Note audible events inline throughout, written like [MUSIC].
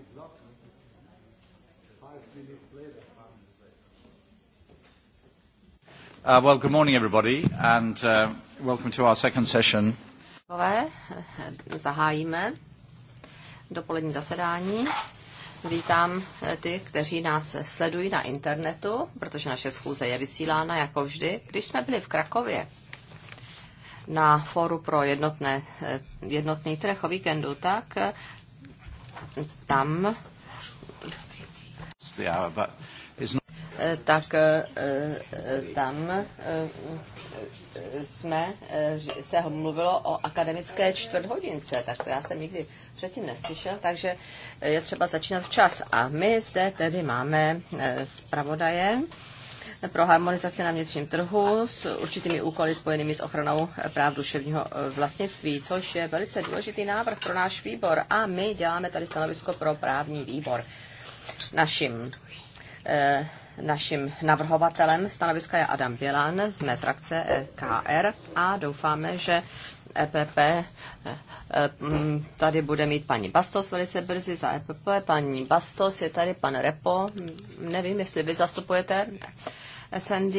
it's not. Five minutes later. Uh, well, good morning, everybody, and uh, welcome to our second session. Zahájíme dopolední zasedání. Vítám eh, ty, kteří nás sledují na internetu, protože naše schůze je vysílána jako vždy. Když jsme byli v Krakově na fóru pro jednotné, eh, jednotný trh o víkendu, tak eh, tam tak eh, eh, tam eh, jsme, se mluvilo o akademické čtvrthodince, tak to já jsem nikdy předtím neslyšel, takže je třeba začínat včas. A my zde tedy máme zpravodaje, pro harmonizaci na vnitřním trhu s určitými úkoly spojenými s ochranou práv duševního eh, vlastnictví, což je velice důležitý návrh pro náš výbor a my děláme tady stanovisko pro právní výbor. Naším, eh, naším navrhovatelem stanoviska je Adam Bělan z mé frakce e KR a doufáme, že EPP eh, mm, tady bude mít paní Bastos velice brzy za EPP. Paní Bastos je tady, pan Repo, nevím, jestli vy zastupujete SND.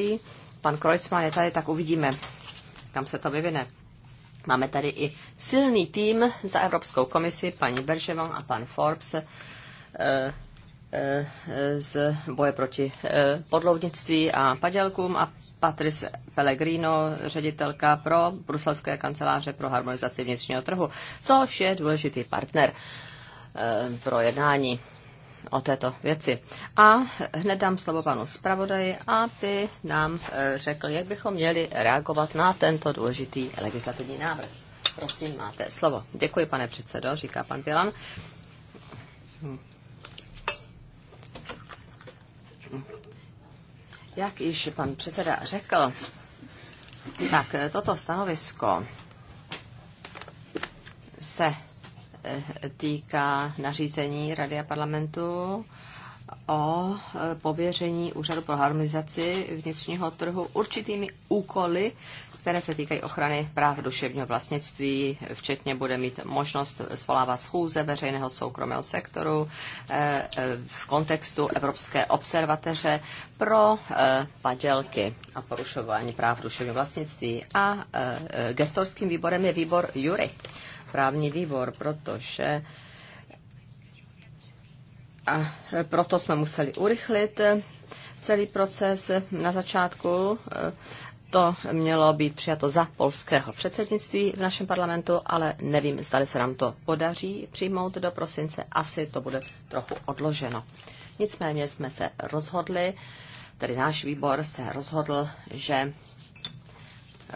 Pan Kreuzmann je tady, tak uvidíme, kam se to vyvine. Máme tady i silný tým za Evropskou komisi, paní Berževan a pan Forbes eh, eh, z boje proti eh, podloudnictví a padělkům a Patrice Pellegrino, ředitelka pro bruselské kanceláře pro harmonizaci vnitřního trhu, což je důležitý partner pro jednání o této věci. A hned dám slovo panu zpravodaji, aby nám eh, řekl, jak bychom měli reagovat na tento důležitý legislativní návrh. Prosím, máte slovo. Děkuji, pane předsedo, říká pan Bělan. Jak již pan předseda řekl, tak toto stanovisko se týká nařízení Rady a parlamentu o e, pověření Úřadu pro harmonizaci vnitřního trhu určitými úkoly, které se týkají ochrany práv duševního vlastnictví, včetně bude mít možnost zvolávat schůze veřejného soukromého sektoru e, e, v kontextu Evropské observateře pro padělky a porušování práv duševního vlastnictví. A gestorským výborem je výbor Jury právní výbor, protože a proto jsme museli urychlit celý proces na začátku. Eh, to mělo být přijato za polského předsednictví v našem parlamentu, ale nevím, zda se nám to podaří přijmout do prosince. Asi to bude trochu odloženo. Nicméně jsme se rozhodli, tedy náš výbor se rozhodl, že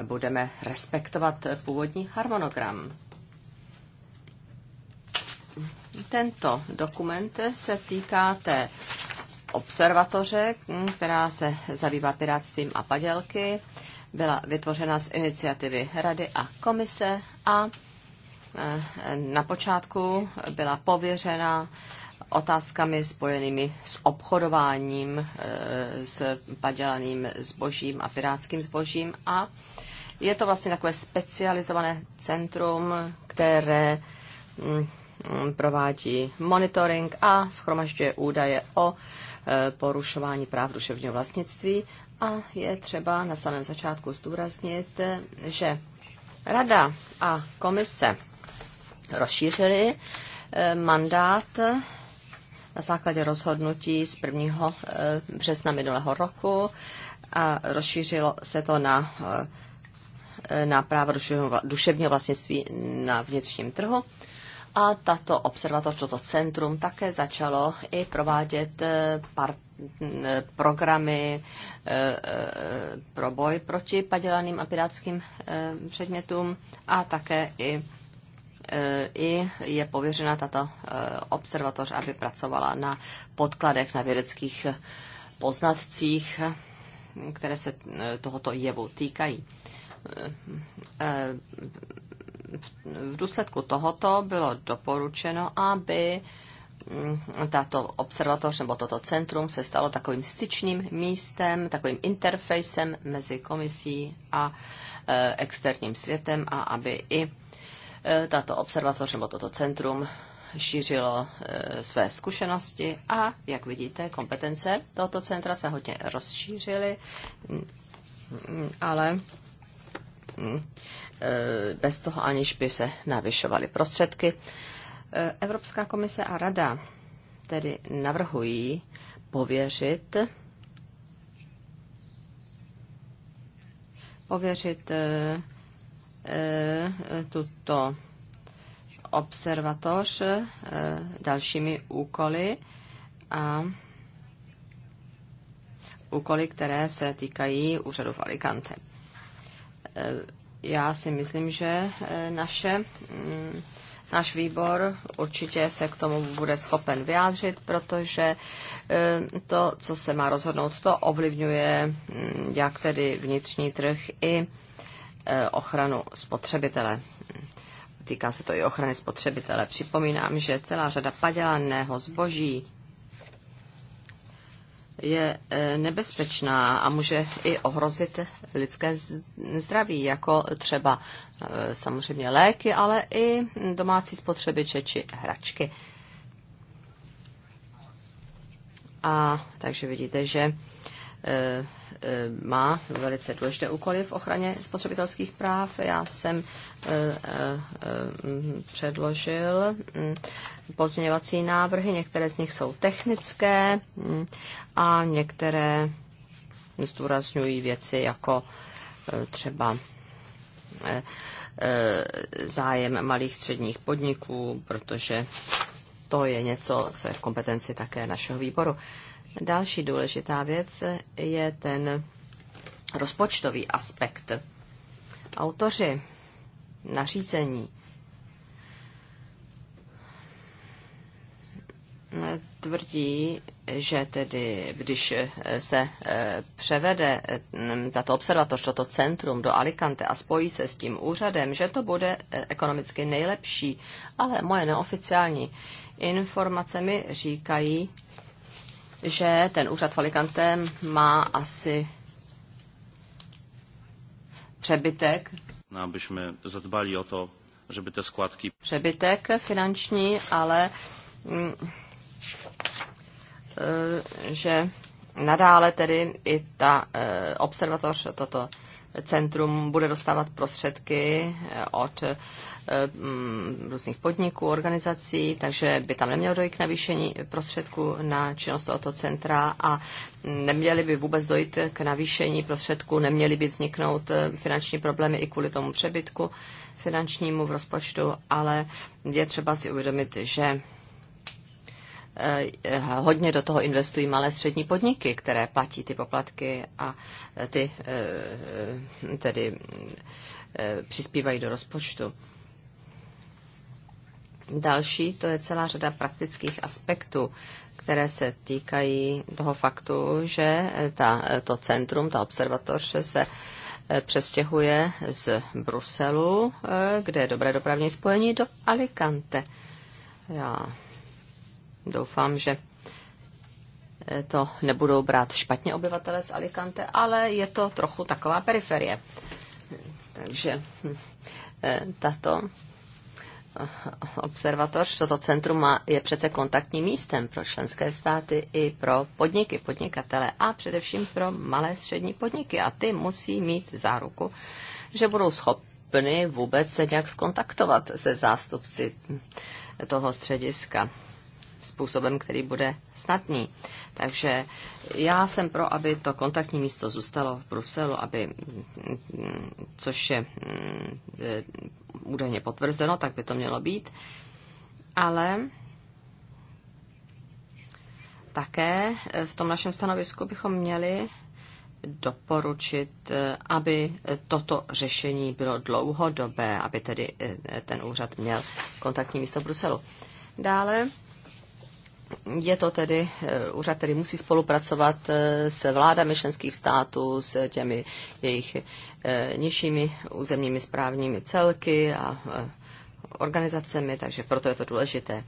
budeme respektovat původní harmonogram. Tento dokument se týká té observatoře, která se zabývá pirátstvím a padělky. Byla vytvořena z iniciativy Rady a Komise a e, na počátku byla pověřena otázkami spojenými s obchodováním e, s padělaným zbožím a pirátským zbožím a je to vlastně takové specializované centrum, které provádí monitoring a schromažďuje údaje o e, porušování práv duševního vlastnictví. A je třeba na samém začátku zdůraznit, že Rada a komise rozšířily e, mandát na základě rozhodnutí z 1. E, března minulého roku a rozšířilo se to na, na právo duševního vlastnictví na vnitřním trhu. A tato observatoř, toto centrum také začalo i provádět eh, part, eh, programy eh, pro boj proti padělaným a pirátským předmětům a také i i je pověřena tato observatoř, aby pracovala na podkladech, na vědeckých poznatcích, které se tohoto jevu týkají v důsledku tohoto bylo doporučeno, aby mm, tato observatoř nebo toto centrum se stalo takovým styčným místem, takovým interfejsem mezi komisí a e, externím světem a aby i e, tato observatoř nebo toto centrum šířilo e, své zkušenosti a, jak vidíte, kompetence tohoto centra se hodně rozšířily, mm, mm, ale Hmm. E, bez toho aniž by se navyšovaly prostředky. E, Evropská komise a rada tedy navrhují pověřit pověřit e, tuto observatoř dalšími úkoly a úkoly, které se týkají úřadu v Alicante. Eh, já si myslím, že eh, naše, mm, náš výbor určitě se k tomu bude schopen vyjádřit, protože eh, to, co se má rozhodnout, to ovlivňuje mm, jak tedy vnitřní trh i ochranu spotřebitele. Týká se to i ochrany spotřebitele. Připomínám, že celá řada padělaného zboží je e, nebezpečná a může i ohrozit lidské zdraví, jako třeba e, samozřejmě léky, ale i domácí spotřebiče či hračky. A takže vidíte, že e, Eh, má velice důležité úkoly v ochraně spotřebitelských práv. Já jsem eh, eh, mm, předložil mm, pozměňovací návrhy, některé z nich jsou technické mm, a některé zdůrazňují věci jako třeba zájem malých středních podniků, protože to je něco, co je v kompetenci také našeho výboru. Další důležitá věc je ten rozpočtový aspekt. Autoři nařízení tvrdí, že tedy, když se eh, převede mm, tato observatoř, toto centrum do Alicante a spojí se s tím úřadem, že to bude eh, ekonomicky nejlepší. Ale moje neoficiální informace mi říkají, že ten úřad v Alicante má asi přebytek. No, abychom zadbali o to, že by ty skladky... Přebytek finanční, ale mm, e, že nadále tedy i ta e, observatoř, toto centrum bude dostávat prostředky e, od Eh, různých podniků, organizací, takže by tam nemělo dojít k navýšení prostředků na činnost tohoto centra a neměly by vůbec dojít k navýšení prostředků, neměly by vzniknout eh, finanční problémy i kvůli tomu přebytku finančnímu v rozpočtu, ale je třeba si uvědomit, že eh, hodně do toho investují malé střední podniky, které platí ty poplatky a ty tedy přispívají do rozpočtu. Další to je celá řada praktických aspektů, které se týkají toho faktu, že ta, to centrum, ta observatoř se eh, přestěhuje z Bruselu, eh, kde je dobré dopravní spojení, do Alicante. Já doufám, že eh, to nebudou brát špatně obyvatele z Alicante, ale je to trochu taková periferie. Takže hm, tato observatoř, toto centrum má, je přece kontaktním místem pro členské státy i pro podniky, podnikatele a především pro malé střední podniky. A ty musí mít záruku, že budou schopny vůbec se nějak skontaktovat se zástupci toho střediska způsobem, který bude snadný. Takže já jsem pro, aby to kontaktní místo zůstalo v Bruselu, aby, což je mm, e, údajně potvrzeno, tak by to mělo být. Ale také e, v tom našem stanovisku bychom měli doporučit, e, aby toto řešení bylo dlouhodobé, aby tedy ten úřad měl kontaktní místo v Bruselu. Dále je to tedy eh, úřad, který musí spolupracovat eh, s vládami členských států, s těmi jejich eh, nižšími územními správními celky a organizacemi, takže proto je to důležité.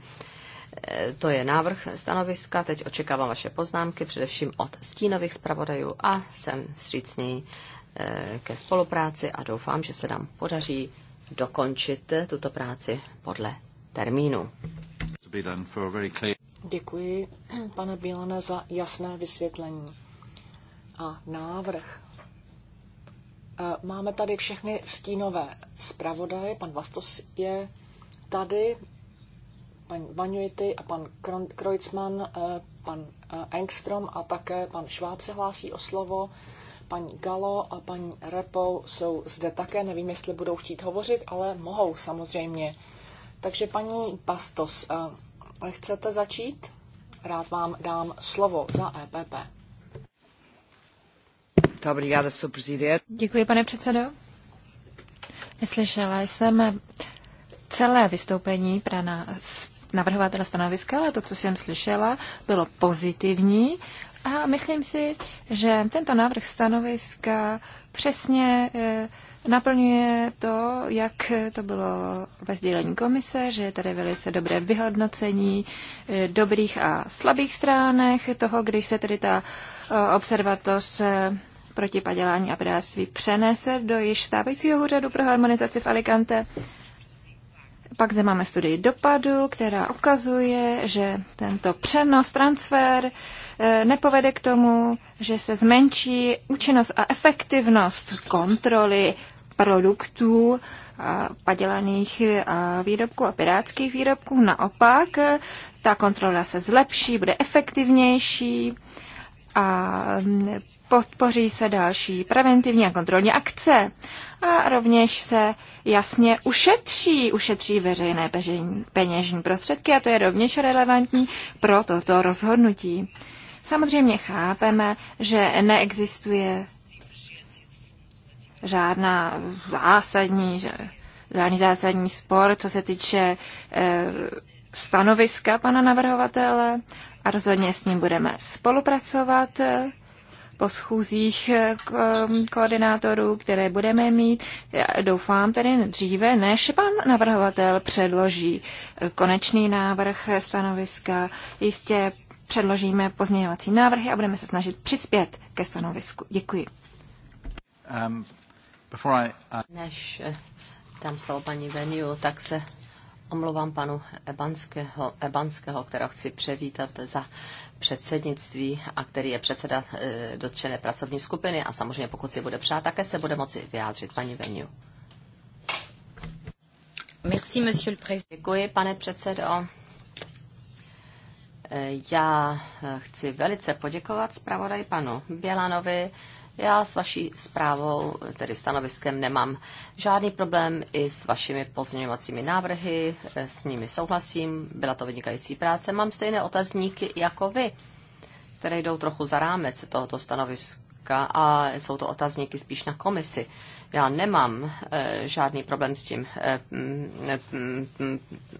To je návrh stanoviska, teď očekávám vaše poznámky, především od stínových zpravodajů a jsem vstřícný ke spolupráci a doufám, že se nám podaří dokončit tuto práci podle termínu. Děkuji, pane Bílane, za jasné vysvětlení. A návrh. E, máme tady všechny stínové zpravodaje. Pan Vastos je tady, pan Vanuity a pan Kreutzmann, e, pan e, Engstrom a také pan Šváb se hlásí o slovo. Pan Galo a pan Repou jsou zde také. Nevím, jestli budou chtít hovořit, ale mohou samozřejmě. Takže paní Bastos, Chcete začít? Rád vám dám slovo za EPP. Děkuji, pane předsedo. Neslyšela jsem celé vystoupení pana navrhovatele stanoviska, ale to, co jsem slyšela, bylo pozitivní a myslím si, že tento návrh stanoviska přesně e, naplňuje to, jak to bylo ve sdělení komise, že je tady velice dobré vyhodnocení e, dobrých a slabých stránek toho, když se tedy ta e, observatoř proti padělání a pedáctví přenese do již stávajícího úřadu pro harmonizaci v Alicante. Pak zde máme studii dopadu, která ukazuje, že tento přenos, transfer nepovede k tomu, že se zmenší účinnost a efektivnost kontroly produktů, padělaných výrobků a pirátských výrobků. Naopak, ta kontrola se zlepší, bude efektivnější a podpoří se další preventivní a kontrolní akce. A rovněž se jasně ušetří, ušetří veřejné peněžní prostředky a to je rovněž relevantní pro toto rozhodnutí. Samozřejmě chápeme, že neexistuje žádná zásadní, žádný zásadní spor, co se týče eh, stanoviska pana navrhovatele a rozhodně s ním budeme spolupracovat eh, po schůzích eh, ko- koordinátorů, které budeme mít, doufám tedy dříve, než pan navrhovatel předloží konečný návrh stanoviska. Jistě předložíme pozměňovací návrhy a budeme se snažit přispět ke stanovisku. Děkuji. Um, uh, Než eh, dám slovo paní Veniu, tak se omlouvám panu Ebanského, Ebanského kterého chci převítat za předsednictví a který je předseda eh, dotčené pracovní skupiny a samozřejmě pokud si bude přát, také se bude moci vyjádřit paní Veniu. Merci, monsieur le Děkuji, pane předsedo. Já chci velice poděkovat zpravodaj panu Bělanovi. Já s vaší zprávou, tedy stanoviskem, nemám žádný problém i s vašimi pozměňovacími návrhy, e, s nimi souhlasím, byla to vynikající práce. Mám stejné otazníky jako vy, které jdou trochu za rámec tohoto stanoviska a jsou to otazníky spíš na komisi. Já nemám eh, žádný problém s tím, eh, mm, eh, mm,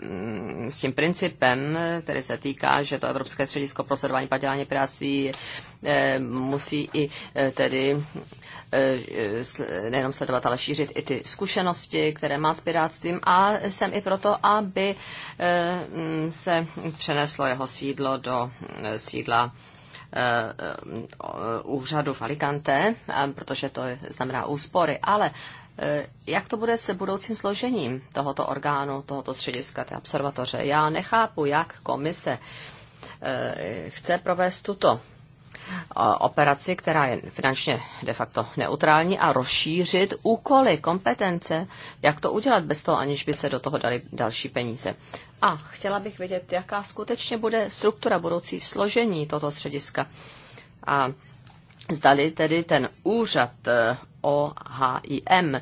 mm, s tím principem, který se týká, že to Evropské středisko pro sledování padělání uh, musí i tedy nejenom sledovat, ale šířit i ty zkušenosti, které má s pirátstvím a jsem i proto, aby se přeneslo jeho sídlo do sídla Eh, eh, úřadu v Alicante, eh, protože to znamená úspory, ale jak to bude se budoucím složením tohoto orgánu, tohoto střediska, té observatoře? Já nechápu, jak komise chce provést tuto operaci, která je finančně de facto neutrální a rozšířit úkoly, kompetence, jak to udělat bez toho, aniž by se do toho dali další peníze. A chtěla bych vědět, jaká skutečně bude struktura budoucí složení tohoto střediska. A zdali tedy ten úřad eh, OHIM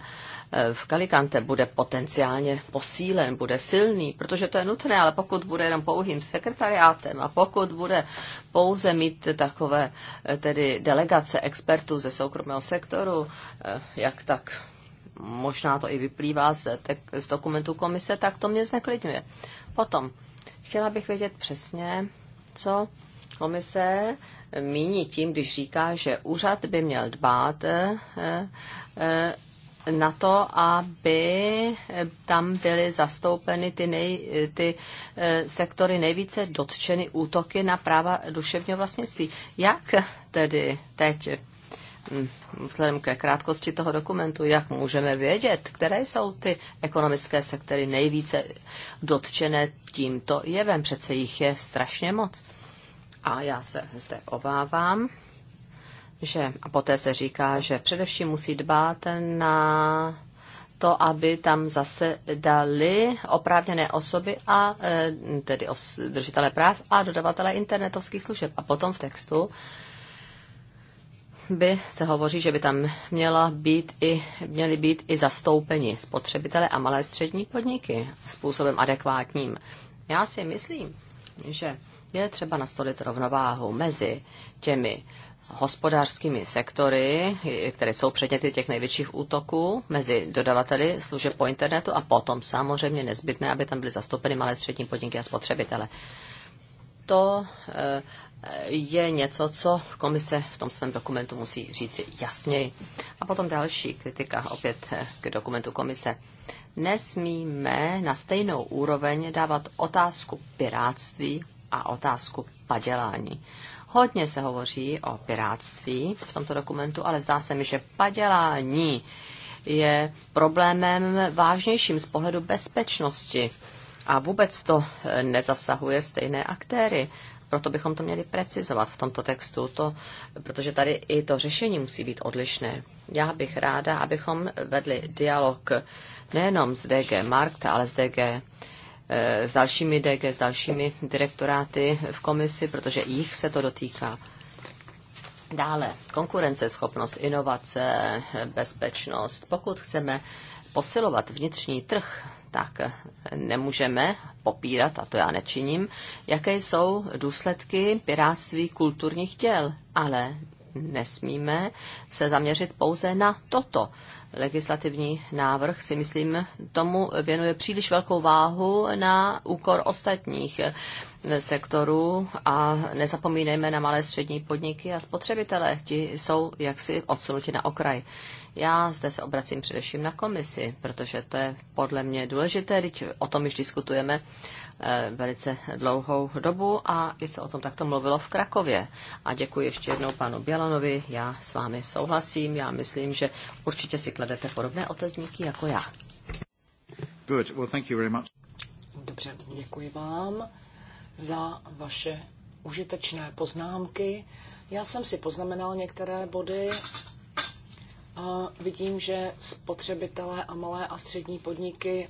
v Kalikante bude potenciálně posílen, bude silný, protože to je nutné, ale pokud bude jenom pouhým sekretariátem a pokud bude pouze mít takové eh, tedy delegace expertů ze soukromého sektoru, eh, jak tak možná to i vyplývá z, z dokumentů komise, tak to mě zneklidňuje. Potom, chtěla bych vědět přesně, co komise míní tím, když říká, že úřad by měl dbát eh, na to, aby tam byly zastoupeny ty, nej, ty e, sektory nejvíce dotčeny útoky na práva duševního vlastnictví. Jak tedy teď, mm, vzhledem ke krátkosti toho dokumentu, jak můžeme vědět, které jsou ty ekonomické sektory nejvíce dotčené tímto jevem? Přece jich je strašně moc. A já se zde obávám, že, a poté se říká, že především musí dbát na to, aby tam zase dali oprávněné osoby a e, tedy držitele práv a dodavatele internetovských služeb. A potom v textu by se hovoří, že by tam měla být i, měly být i zastoupeni spotřebitele a malé střední podniky způsobem adekvátním. Já si myslím, že je třeba nastolit rovnováhu mezi těmi hospodářskými sektory, které jsou předměty těch největších útoků mezi dodavateli služeb po internetu a potom samozřejmě nezbytné, aby tam byly zastoupeny malé střední podniky a spotřebitele. To eh, je něco, co komise v tom svém dokumentu musí říci jasněji. A potom další kritika opět eh, k dokumentu komise. Nesmíme na stejnou úroveň dávat otázku pirátství a otázku padělání. Hodně se hovoří o pirátství v tomto dokumentu, ale zdá se mi, že padělání je problémem vážnějším z pohledu bezpečnosti a vůbec to eh, nezasahuje stejné aktéry. Proto bychom to měli precizovat v tomto textu, to, protože tady i to řešení musí být odlišné. Já bych ráda, abychom vedli dialog nejenom s DG Markt, ale s DG s dalšími DG, s dalšími direktoráty v komisi, protože jich se to dotýká. Dále konkurenceschopnost, inovace, bezpečnost. Pokud chceme posilovat vnitřní trh, tak nemůžeme popírat, a to já nečiním, jaké jsou důsledky piráctví kulturních děl, ale nesmíme se zaměřit pouze na toto legislativní návrh, si myslím, tomu věnuje příliš velkou váhu na úkor ostatních sektorů a nezapomínejme na malé střední podniky a spotřebitele. Ti jsou jaksi odsunuti na okraj. Já zde se obracím především na komisi, protože to je podle mě důležité, teď o tom již diskutujeme eh, velice dlouhou dobu a i se o tom takto mluvilo v Krakově. A děkuji ještě jednou panu Bělanovi, já s vámi souhlasím, já myslím, že určitě si kladete podobné otezníky jako já. Good. Well, thank you very much. Dobře, děkuji vám za vaše užitečné poznámky. Já jsem si poznamenal některé body vidím, že spotřebitelé a malé a střední podniky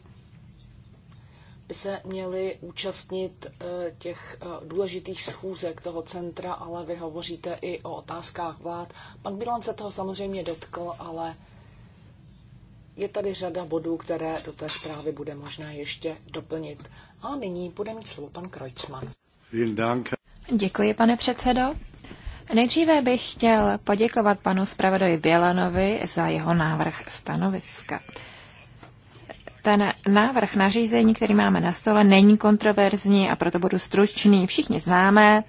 by se měli účastnit eh, těch eh, důležitých schůzek toho centra, ale vy hovoříte i o otázkách vlád. Pan Bilan se toho samozřejmě dotkl, ale je tady řada bodů, které do té zprávy bude možné ještě doplnit. A nyní bude mít slovo pan Kreutzmann. Děkuji, pane předsedo. Nejdříve bych chtěl poděkovat panu zpravodaji Bělanovi za jeho návrh stanoviska. Ten návrh nařízení, který máme na stole, není kontroverzní a proto budu stručný. Všichni známe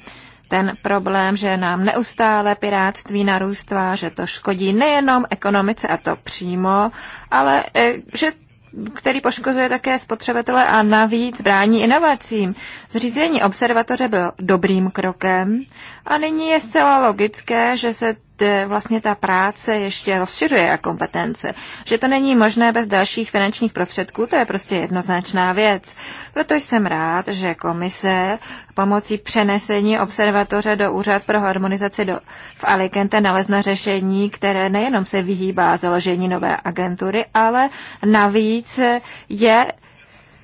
ten problém, že nám neustále piráctví narůstá, že to škodí nejenom ekonomice a to přímo, ale eh, že který poškozuje také spotřebitele a navíc brání inovacím. Zřízení observatoře bylo dobrým krokem a nyní je zcela logické, že se vlastně ta práce ještě rozšiřuje a kompetence. Že to není možné bez dalších finančních prostředků, to je prostě jednoznačná věc. Proto jsem rád, že komise pomocí přenesení observatoře do Úřad pro harmonizaci do, v Alicante nalezne řešení, které nejenom se vyhýbá založení nové agentury, ale navíc je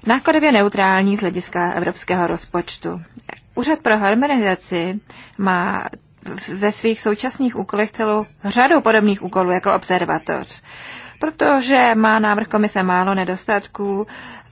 nákladově neutrální z hlediska evropského rozpočtu. Úřad pro harmonizaci má ve svých současných úkolech celou řadu podobných úkolů jako observatoř. Protože má návrh komise málo nedostatků,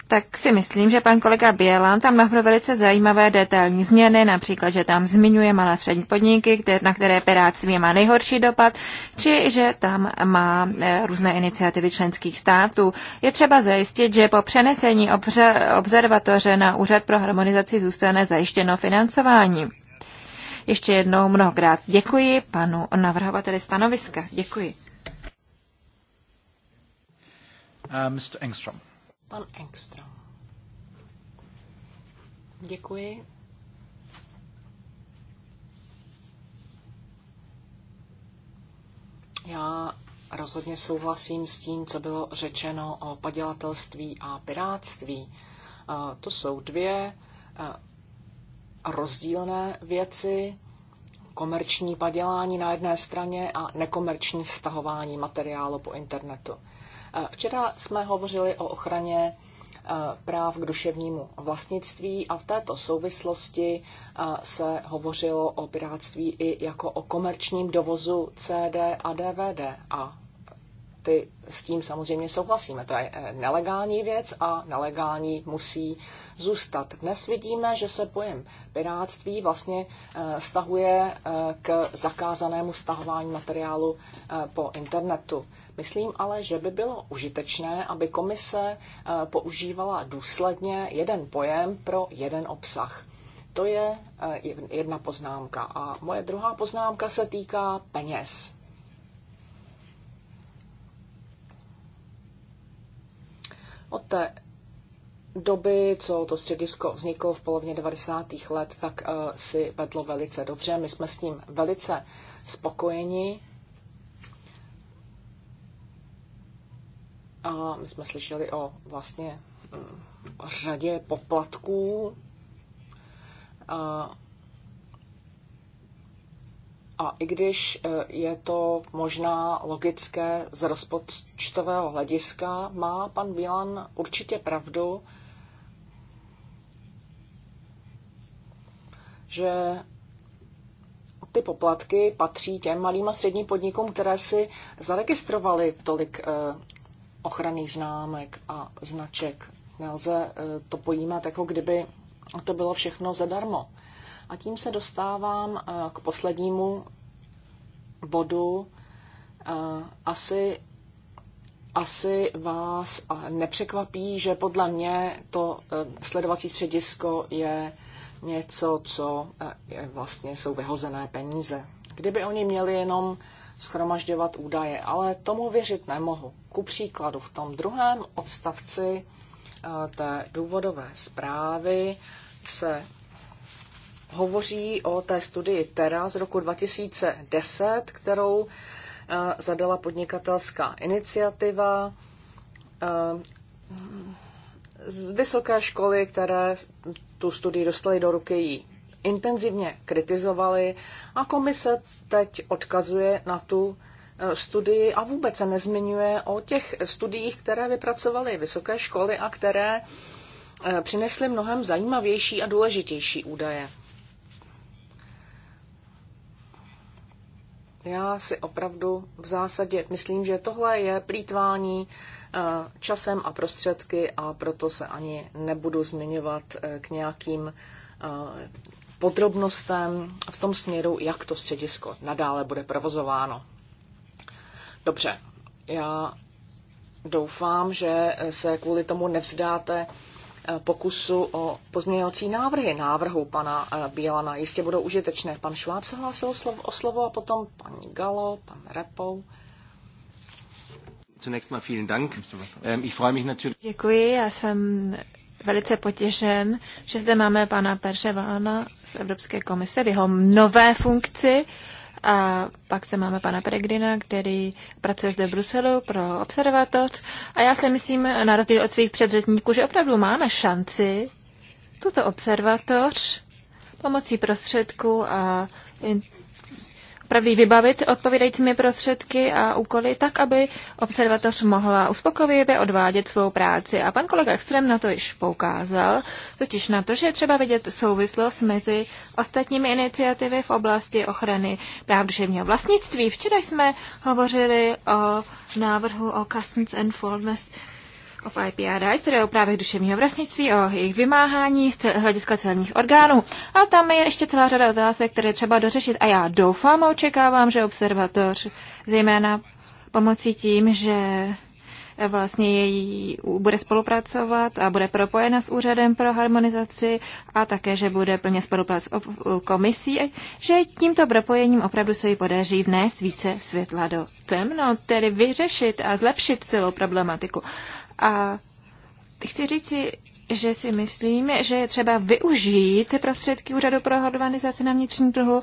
tak si myslím, že pan kolega Bělan tam navrhl velice zajímavé detailní změny, například, že tam zmiňuje malé střední podniky, které, na které pirátství má nejhorší dopad, či že tam má eh, různé iniciativy členských států. Je třeba zajistit, že po přenesení obře, observatoře na Úřad pro harmonizaci zůstane zajištěno financování. Ještě jednou mnohokrát děkuji panu navrhovateli stanoviska. Děkuji. Uh, Mr. Engstrom. Pan Engstrom. Děkuji. Já rozhodně souhlasím s tím, co bylo řečeno o padělatelství a piráctví. Uh, to jsou dvě uh, rozdílné věci, komerční padělání na jedné straně a nekomerční stahování materiálu po internetu. Eh, včera jsme hovořili o ochraně eh, práv k duševnímu vlastnictví a v této souvislosti eh, se hovořilo o pirátství i jako o komerčním dovozu CD a DVD a ty s tím samozřejmě souhlasíme. To je eh, nelegální věc a nelegální musí zůstat. Dnes vidíme, že se pojem piráctví vlastně stahuje eh, eh, k zakázanému stahování materiálu po internetu. Myslím ale, že by bylo užitečné, aby komise používala důsledně jeden pojem pro jeden obsah. To je jedna poznámka. A moje druhá poznámka se týká peněz. Od té doby, co to středisko vzniklo v polovině 90. let, tak eh, si vedlo velice dobře. My jsme s ním velice spokojeni. A my jsme slyšeli o vlastně mm, řadě poplatků. A a i když e, je to možná logické z rozpočtového hlediska, má pan Bílan určitě pravdu, že ty poplatky patří těm malým a středním podnikům, které si zaregistrovaly tolik e, ochranných známek a značek. Nelze e, to pojímat, jako kdyby to bylo všechno zadarmo. A tím se dostávám eh, k poslednímu bodu. Eh, asi, asi vás nepřekvapí, že podle mě to eh, sledovací středisko je něco, co je vlastně jsou vyhozené peníze. Kdyby oni měli jenom schromažďovat údaje, ale tomu věřit nemohu. Ku příkladu v tom druhém odstavci té důvodové zprávy se hovoří o té studii Terra z roku 2010, kterou eh, zadala podnikatelská iniciativa eh, z vysoké školy, které tu studii dostaly do ruky, ji intenzivně kritizovali a komise teď odkazuje na tu eh, studii a vůbec se nezmiňuje o těch studiích, které vypracovaly vysoké školy a které přinesly mnohem zajímavější a důležitější údaje. Já si opravdu v zásadě myslím, že tohle je plítvání eh, časem a prostředky a proto se ani nebudu zmiňovat eh, k nějakým eh, podrobnostem v tom směru, jak to středisko nadále bude provozováno. Dobře, já doufám, že se kvůli tomu nevzdáte Eh, pokusu o pozměňovací návrhy návrhu pana eh, Bělana. Jistě budou užitečné. Pan Šváb se hlásil o slovo a potom pan Galo, pan Repou. Zunächst mal vielen Dank. Ähm, ich freue mich natürlich. Děkuji, já jsem velice potěšen, že zde máme pana Perševána z Evropské komise v jeho nové funkci. Uh, a pak se máme pana Peregrina, který pracuje zde v Bruselu pro observatoř. A já si myslím, na rozdíl od svých předřetníků, že opravdu máme šanci tuto observatoř pomocí prostředků a in, opravdu vybavit odpovídajícími prostředky a úkoly tak, aby observatoř mohla uspokojivě odvádět svou práci. A pan kolega Extrem na to již poukázal, totiž na to, že je třeba vidět souvislost mezi ostatními iniciativy v oblasti ochrany práv duševního vlastnictví. Včera jsme hovořili o návrhu o Customs and of IPRI, které o právě duševního vlastnictví, o jejich vymáhání z hlediska celních orgánů. A tam je ještě celá řada otázek, které třeba dořešit. A já doufám a očekávám, že observatoř, zejména pomocí tím, že vlastně její bude spolupracovat a bude propojena s úřadem pro harmonizaci a také, že bude plně spolupracovat s komisí, že tímto propojením opravdu se jí podaří vnést více světla do temno, tedy vyřešit a zlepšit celou problematiku. A chci říci, že si myslím, že je třeba využít prostředky úřadu pro harmonizaci na vnitřní trhu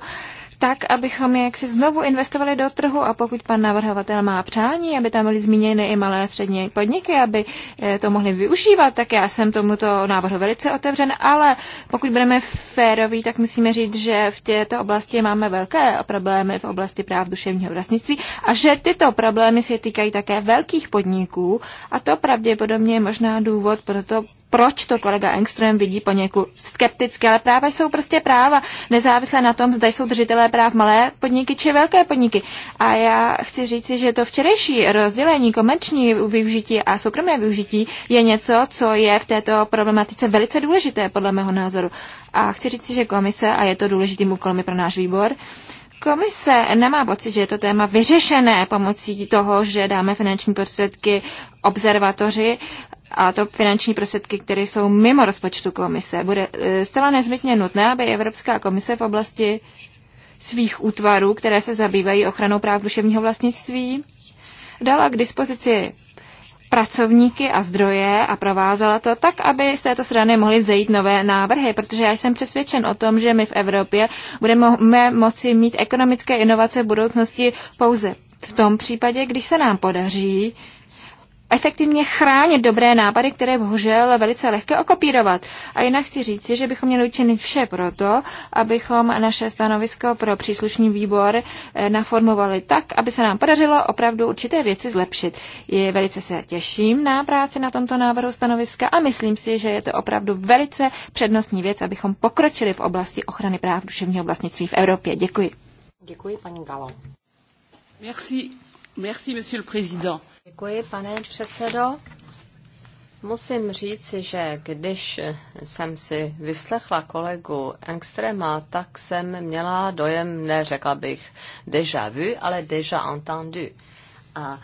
tak, abychom je jaksi znovu investovali do trhu a pokud pan navrhovatel má přání, aby tam byly zmíněny i malé a střední podniky, aby eh, to mohli využívat, tak já jsem tomuto návrhu velice otevřen, ale pokud budeme féroví, tak musíme říct, že v této oblasti máme velké problémy v oblasti práv duševního vlastnictví a že tyto problémy se týkají také velkých podniků a to pravděpodobně je možná důvod pro to, proč to kolega Engström vidí poněkud skepticky, ale práva jsou prostě práva, nezávisle na tom, zda jsou držitelé práv malé podniky či velké podniky. A já chci říci, že to včerejší rozdělení komerční využití a soukromé využití je něco, co je v této problematice velice důležité, podle mého názoru. A chci říci, že komise, a je to důležitým úkolem pro náš výbor, uh, Komise nemá pocit, že je to téma vyřešené pomocí toho, že dáme finanční prostředky observatoři a to finanční prostředky, které jsou mimo rozpočtu komise. Bude e, zcela nezbytně nutné, aby Evropská komise v oblasti svých útvarů, které se zabývají ochranou práv duševního vlastnictví, dala k dispozici pracovníky a zdroje a provázela to tak, aby z této strany mohly vzejít nové návrhy, protože já jsem přesvědčen o tom, že my v Evropě budeme moci mít ekonomické inovace v budoucnosti pouze v tom případě, když se nám podaří efektivně chránit dobré nápady, které bohužel velice lehké okopírovat. A jinak chci říct, že bychom měli učinit vše proto, abychom naše stanovisko pro příslušný výbor eh, naformovali tak, aby se nám podařilo opravdu určité věci zlepšit. Je, velice se těším na práci na tomto návrhu stanoviska a myslím si, že je to opravdu velice přednostní věc, abychom pokročili v oblasti ochrany práv duševního vlastnictví v Evropě. Děkuji. Děkuji, paní Galo. Merci, merci, monsieur le président. Děkuji, pane předsedo. Musím říci, že když jsem si vyslechla kolegu Engstrema, tak jsem měla dojem, neřekla bych déjà vu, ale déjà entendu. A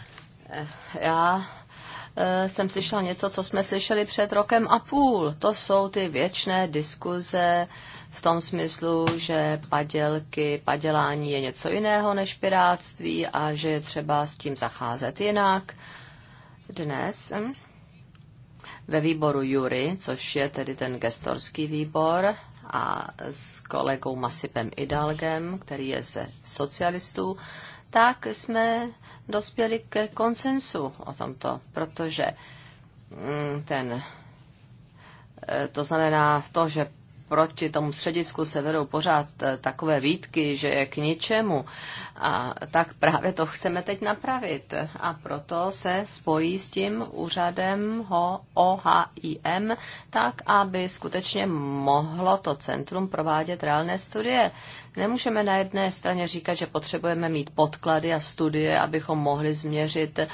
eh, já eh, jsem slyšela něco, co jsme slyšeli před rokem a půl. To jsou ty věčné diskuze, v tom smyslu, že padělky, padělání je něco jiného než piráctví a že je třeba s tím zacházet jinak. Dnes hm, ve výboru Jury, což je tedy ten gestorský výbor, a s kolegou Masipem Idalgem, který je ze socialistů, tak jsme dospěli k konsensu o tomto, protože hm, ten, eh, to znamená to, že proti tomu středisku se vedou pořád eh, takové výtky, že je k ničemu. A tak právě to chceme teď napravit. A proto se spojí s tím úřadem OHIM, tak aby skutečně mohlo to centrum provádět reálné studie. Nemůžeme na jedné straně říkat, že potřebujeme mít podklady a studie, abychom mohli změřit eh,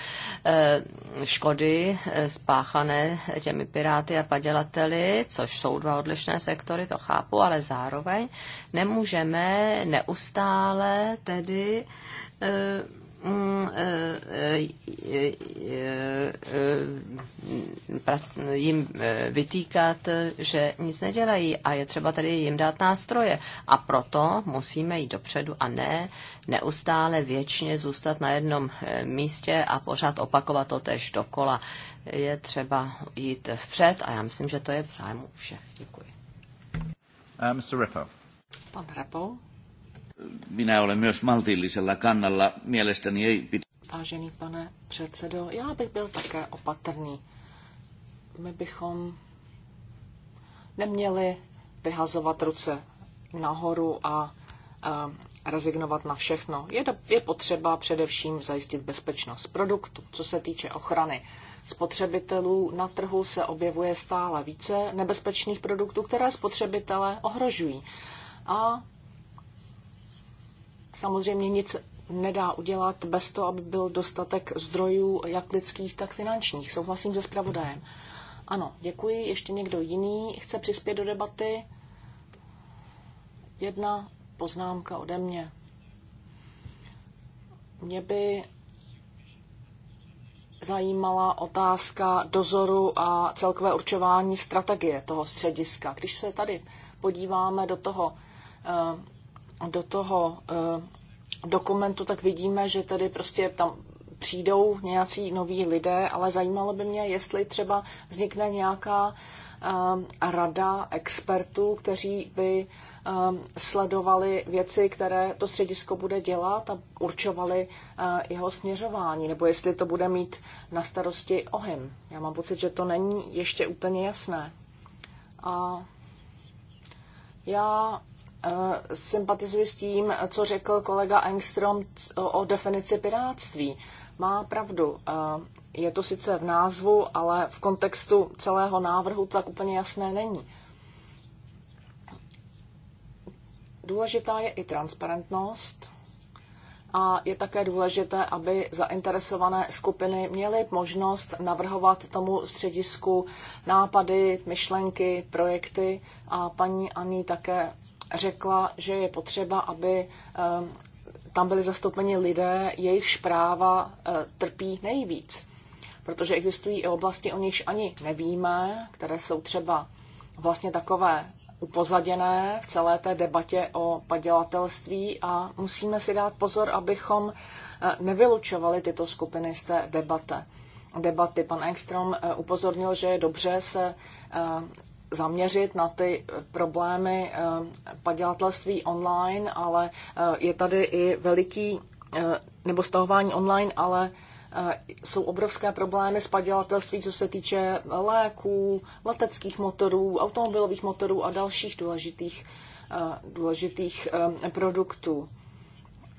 škody eh, spáchané těmi piráty a padělateli, což jsou dva odlišné sektory, to chápu, ale zároveň nemůžeme neustále tedy eh, mm, eh, eh, jim vytýkat, že nic nedělají a je třeba tady jim dát nástroje. A proto musíme jít dopředu a ne neustále věčně zůstat na jednom místě a pořád opakovat to tež dokola. Je třeba jít vpřed a já myslím, že to je v zájmu všech. Děkuji. Uh, Mr. Repo. Minä olen myös maltillisella kannalla. Mielestäni ei pitä... Vážený pane předsedo, já bych byl také opatrný. My bychom neměli vyhazovat ruce nahoru a um, rezignovat na všechno. Je, do, je potřeba především zajistit bezpečnost produktu. Co se týče ochrany spotřebitelů na trhu se objevuje stále více nebezpečných produktů, které spotřebitele ohrožují. A samozřejmě nic nedá udělat bez toho, aby byl dostatek zdrojů, jak lidských, tak finančních. Souhlasím se zpravodajem. Ano, děkuji. Ještě někdo jiný chce přispět do debaty? Jedna poznámka ode mě. Mě by zajímala otázka dozoru a celkové určování strategie toho střediska. Když se tady podíváme do toho, eh, do toho eh, dokumentu, tak vidíme, že tedy prostě tam přijdou nějací noví lidé, ale zajímalo by mě, jestli třeba vznikne nějaká Um, rada expertů, kteří by um, sledovali věci, které to středisko bude dělat a určovali uh, jeho směřování, nebo jestli to bude mít na starosti ohem. Já mám pocit, že to není ještě úplně jasné. A já uh, sympatizuji s tím, co řekl kolega Engstrom o definici pirátství má pravdu. Je to sice v názvu, ale v kontextu celého návrhu to tak úplně jasné není. Důležitá je i transparentnost a je také důležité, aby zainteresované skupiny měly možnost navrhovat tomu středisku nápady, myšlenky, projekty. A paní Ani také řekla, že je potřeba, aby tam byli zastoupeni lidé, jejichž práva eh, trpí nejvíc. Protože existují i oblasti, o nichž ani nevíme, které jsou třeba vlastně takové upozaděné v celé té debatě o padělatelství a musíme si dát pozor, abychom eh, nevylučovali tyto skupiny z té debate. debaty. Pan Engstrom eh, upozornil, že je dobře se zaměřit na ty eh, problémy eh, padělatelství online, ale eh, je tady i veliký, nebo stahování online, ale jsou obrovské problémy s padělatelství, co se týče léků, leteckých motorů, automobilových motorů a dalších důležitých, důležitých produktů.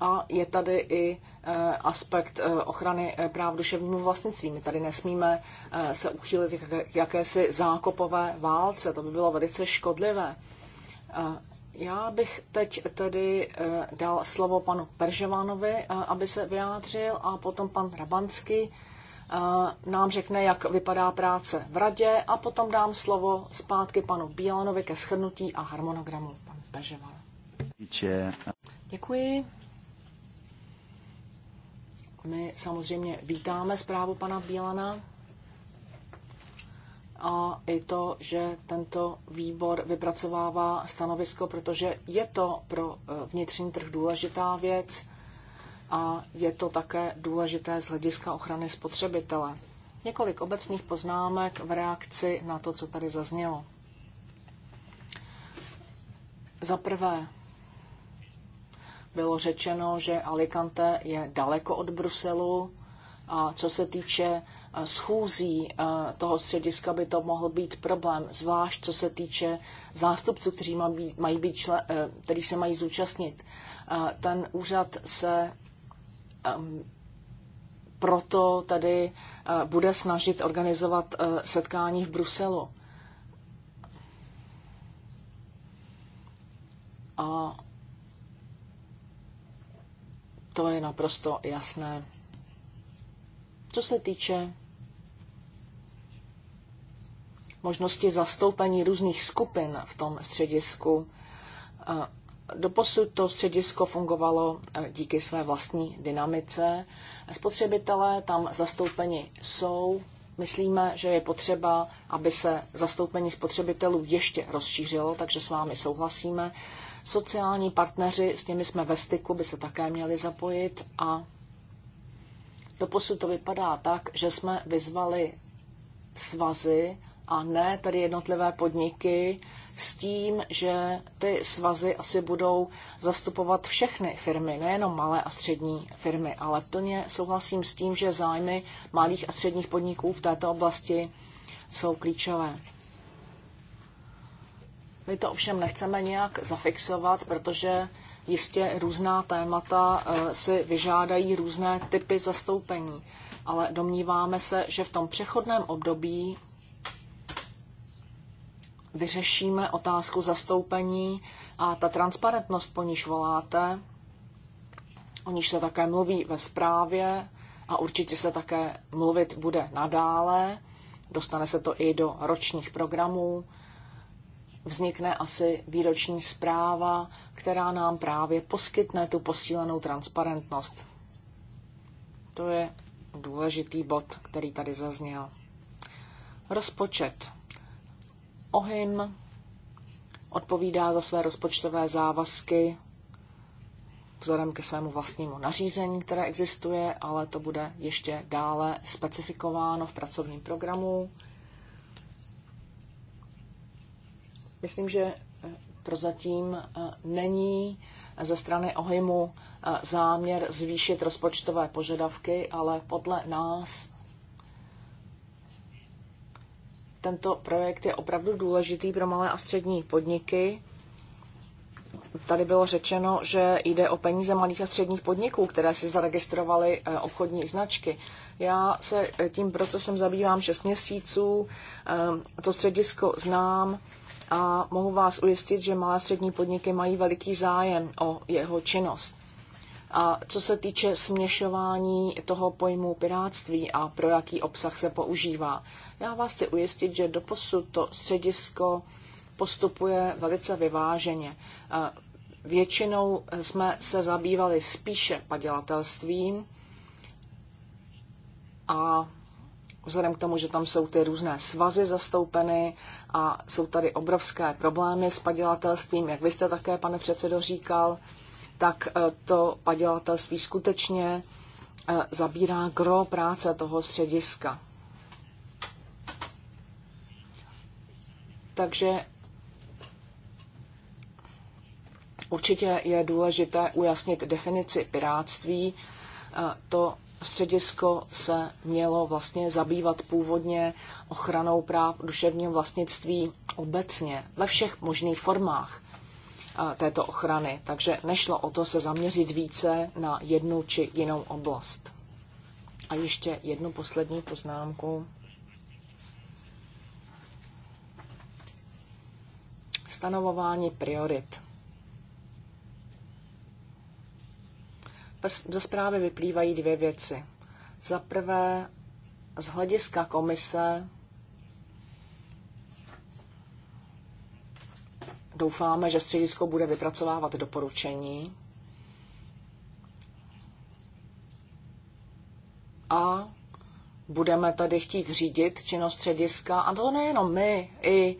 A je tady i eh, aspekt eh, ochrany eh, práv duševnímu vlastnictví. My tady nesmíme se uchýlit k jakési zákopové válce, to by bylo velice škodlivé. Já bych teď tedy dal slovo panu Peržovánovi, aby se vyjádřil, a potom pan Rabanský nám řekne, jak vypadá práce v radě a potom dám slovo zpátky panu Bílanovi ke shrnutí a harmonogramu. Pan Peržovan. Děkuji. My samozřejmě vítáme zprávu pana Bílana a i to, že tento výbor vypracovává stanovisko, protože je to pro eh, vnitřní trh důležitá věc a je to také důležité z hlediska ochrany spotřebitele. Několik obecných poznámek v reakci na to, co tady zaznělo. Za prvé, bylo řečeno, že Alicante je daleko od Bruselu a co se týče e, schůzí e, toho střediska by to mohl být problém, zvlášť co se týče zástupců, kteří mají být člen, e, který se mají zúčastnit. Ten úřad se proto tady bude snažit organizovat setkání v Bruselu. A to je naprosto jasné. Co se týče možnosti zastoupení různých skupin v tom středisku, eh, Doposud to středisko fungovalo eh, díky své vlastní dynamice. Spotřebitelé tam zastoupeni jsou. Myslíme, že je potřeba, aby se zastoupení spotřebitelů ještě rozšířilo, takže s vámi souhlasíme. Sociální partneři, s nimi jsme ve styku, by se také měli zapojit a doposud to vypadá tak, že jsme vyzvali svazy a ne tedy jednotlivé podniky s tím, že ty svazy asi budou zastupovat všechny firmy, nejenom malé a střední firmy, ale plně souhlasím s tím, že zájmy malých a středních podniků v této oblasti jsou klíčové. My to ovšem nechceme nějak zafixovat, protože jistě různá témata eh, si vyžádají různé typy zastoupení. Ale domníváme se, že v tom přechodném období vyřešíme otázku zastoupení a ta transparentnost, po níž voláte, o níž se také mluví ve zprávě a určitě se také mluvit bude nadále. Dostane se to i do ročních programů vznikne asi výroční zpráva, která nám právě poskytne tu posílenou transparentnost. To je důležitý bod, který tady zazněl. Rozpočet. OHIM odpovídá za své rozpočtové závazky vzhledem ke svému vlastnímu nařízení, které existuje, ale to bude ještě dále specifikováno v pracovním programu. Myslím, že eh, prozatím eh, není eh, ze strany OHIMu záměr zvýšit rozpočtové požadavky, ale podle nás tento projekt je opravdu důležitý pro malé a střední podniky. Tady bylo řečeno, že jde o peníze malých a středních podniků, které si zaregistrovaly obchodní značky. Já se tím procesem zabývám 6 měsíců, to středisko znám, a mohu vás ujistit, že malé střední podniky mají veliký zájem o jeho činnost. A co se týče směšování toho pojmu piráctví a pro jaký obsah se používá, já vás chci ujistit, že doposud to středisko postupuje velice vyváženě. Většinou jsme se zabývali spíše padělatelstvím a vzhledem k tomu, že tam jsou ty různé svazy zastoupeny a jsou tady obrovské problémy s padělatelstvím, jak vy jste také, pane předsedo, říkal, tak eh, to padělatelství skutečně eh, zabírá gro práce toho střediska. Takže určitě je důležité ujasnit definici piráctví. Eh, to středisko se mělo vlastně zabývat původně ochranou práv duševního vlastnictví obecně ve všech možných formách eh, této ochrany, takže nešlo o to se zaměřit více na jednu či jinou oblast. A ještě jednu poslední poznámku. Stanovování priorit. Ze zprávy vyplývají dvě věci. Za prvé, z hlediska komise doufáme, že středisko bude vypracovávat doporučení a budeme tady chtít řídit činnost střediska, a to nejenom my, i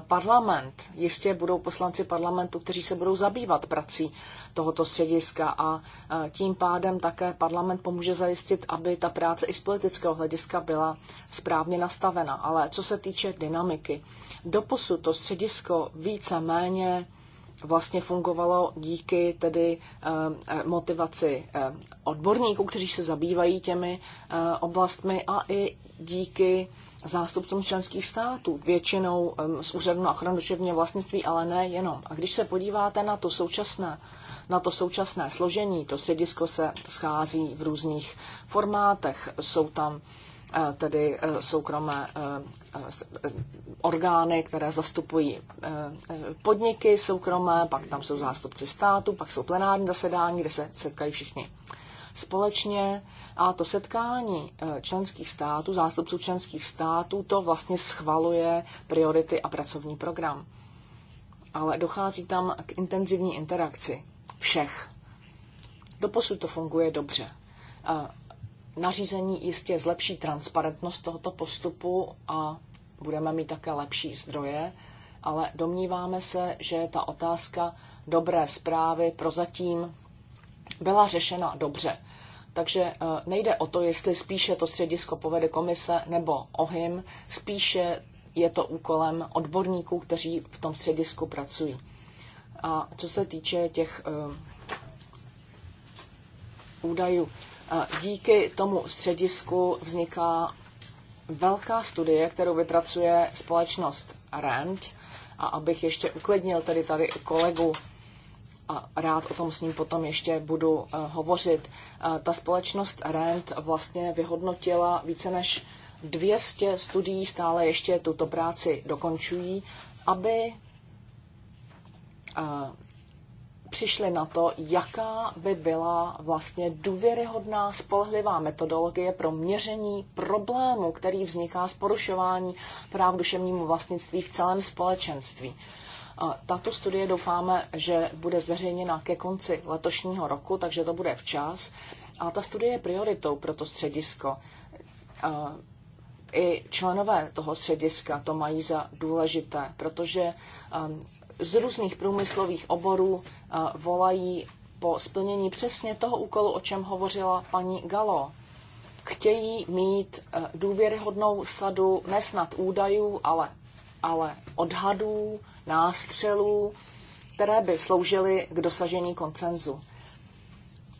parlament. Jistě budou poslanci parlamentu, kteří se budou zabývat prací tohoto střediska a tím pádem také parlament pomůže zajistit, aby ta práce i z politického hlediska byla správně nastavena. Ale co se týče dynamiky, doposud to středisko více méně vlastně fungovalo díky tedy eh, motivaci eh, odborníků, kteří se zabývají těmi eh, oblastmi a i díky zástupcům členských států, většinou z Úřadu na ochranu duševního vlastnictví, ale ne jenom. A když se podíváte na to současné, na to současné složení, to středisko se schází v různých formátech. Jsou tam eh, tedy eh, soukromé eh, orgány, které zastupují podniky soukromé, pak tam jsou zástupci státu, pak jsou plenární zasedání, kde se setkají všichni společně a to setkání eh, členských států, zástupců členských států, to vlastně schvaluje priority a pracovní program. Ale dochází tam k intenzivní interakci všech. Doposud to funguje dobře. Eh, nařízení jistě zlepší transparentnost tohoto postupu a budeme mít také lepší zdroje, ale domníváme se, že ta otázka dobré zprávy prozatím byla řešena dobře. Takže eh, nejde o to, jestli spíše to středisko povede komise nebo ohym, spíše je to úkolem odborníků, kteří v tom středisku pracují. A co se týče těch eh, údajů, eh, díky tomu středisku vzniká velká studie, kterou vypracuje společnost RAND. A abych ještě uklidnil tady tady kolegu a rád o tom s ním potom ještě budu eh, hovořit. Eh, ta společnost RENT vlastně vyhodnotila více než 200 studií, stále ještě tuto práci dokončují, aby eh, přišli na to, jaká by byla vlastně důvěryhodná, spolehlivá metodologie pro měření problému, který vzniká z porušování práv duševnímu vlastnictví v celém společenství. Tato studie doufáme, že bude zveřejněna ke konci letošního roku, takže to bude včas. A ta studie je prioritou pro to středisko. I členové toho střediska to mají za důležité, protože um, z různých průmyslových oborů uh, volají po splnění přesně toho úkolu, o čem hovořila paní Galo. Chtějí mít uh, důvěryhodnou sadu ne snad údajů, ale ale odhadů, nástřelů, které by sloužily k dosažení koncenzu.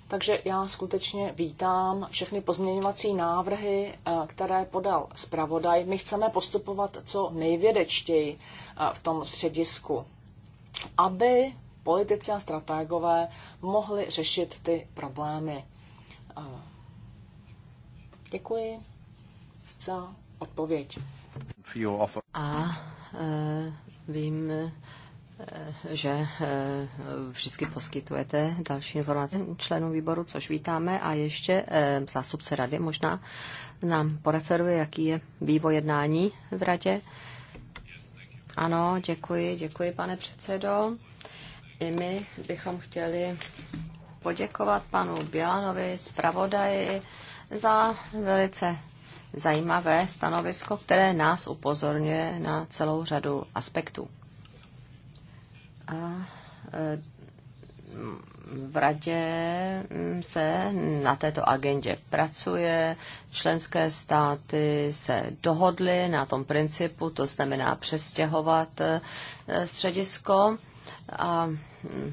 Takže já skutečně vítám všechny pozměňovací návrhy, eh, které podal zpravodaj. My chceme postupovat co nejvědečtěji eh, v tom středisku, aby politici a strategové mohli řešit ty problémy. Eh, děkuji za odpověď. A uh, vím, uh, že uh, vždycky poskytujete další informace členům výboru, což vítáme. A ještě uh, zástupce rady možná nám poreferuje, jaký je vývoj jednání v radě. Ano, děkuji, děkuji, pane předsedo. I my bychom chtěli poděkovat panu Bělanovi, zpravodaji, za velice zajímavé stanovisko, které nás upozorňuje na celou řadu aspektů. A e, v radě mm, se na této agendě pracuje, členské státy se dohodly na tom principu, to znamená přestěhovat e, středisko a mm,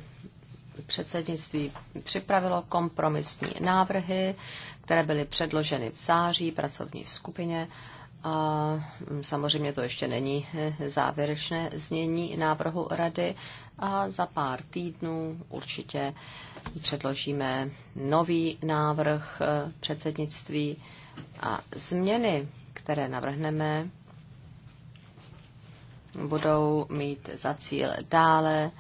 předsednictví připravilo kompromisní návrhy, které byly předloženy v září pracovní skupině. A mm, samozřejmě to ještě není eh, závěrečné znění návrhu rady a za pár týdnů určitě předložíme nový návrh eh, předsednictví a změny, které navrhneme, budou mít za cíl dále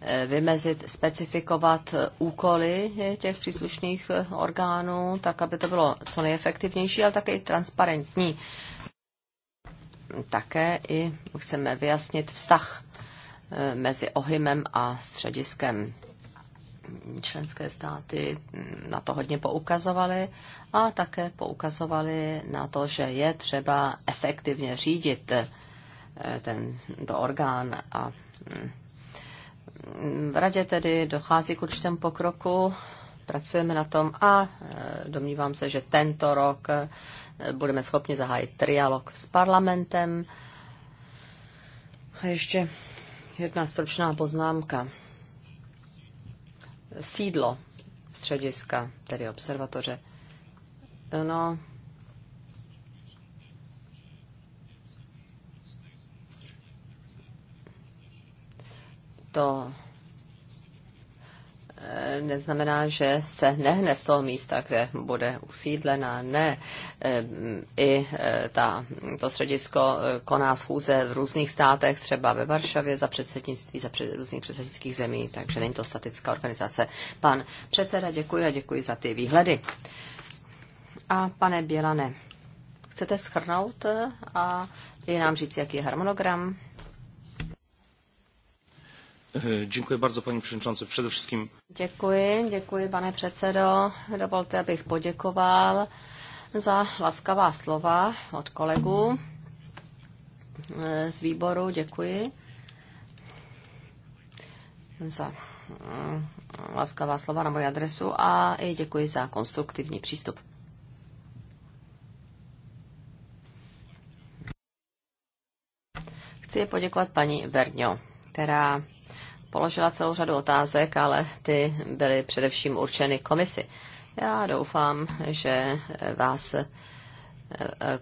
Eh, vymezit, specifikovat eh, úkoly eh, těch příslušných orgánů, tak aby to bylo co nejefektivnější, ale také i transparentní. Také i chceme vyjasnit vztah mezi ohymem a střediskem. Členské státy hm, na to hodně poukazovaly a také poukazovaly na to, že je třeba efektivně řídit tento orgán a hm, v radě tedy dochází k určitém pokroku, pracujeme na tom a e, domnívám se, že tento rok e, budeme schopni zahájit trialog s parlamentem. A ještě jedna stručná poznámka. Sídlo střediska, tedy observatoře. No, to eh, neznamená, že se nehne z toho místa, kde bude usídlená. Ne, eh, i eh, ta, to středisko koná schůze v různých státech, třeba ve Varšavě za předsednictví, za před, různých předsednických zemí, takže není to statická organizace. Pan předseda, děkuji a děkuji za ty výhledy. A pane Bělane, chcete schrnout a i nám říct, jaký je harmonogram? Eh, děkuji bardzo, paní předsedající. především. Děkuji, děkuji, pane předsedo. Dovolte, abych poděkoval za laskavá slova od kolegů eh, z výboru. Děkuji za eh, laskavá slova na moji adresu a i děkuji za konstruktivní přístup. Chci poděkovat paní Verňo, která položila celou řadu otázek, ale ty byly především určeny komisi. Já doufám, že vás eh,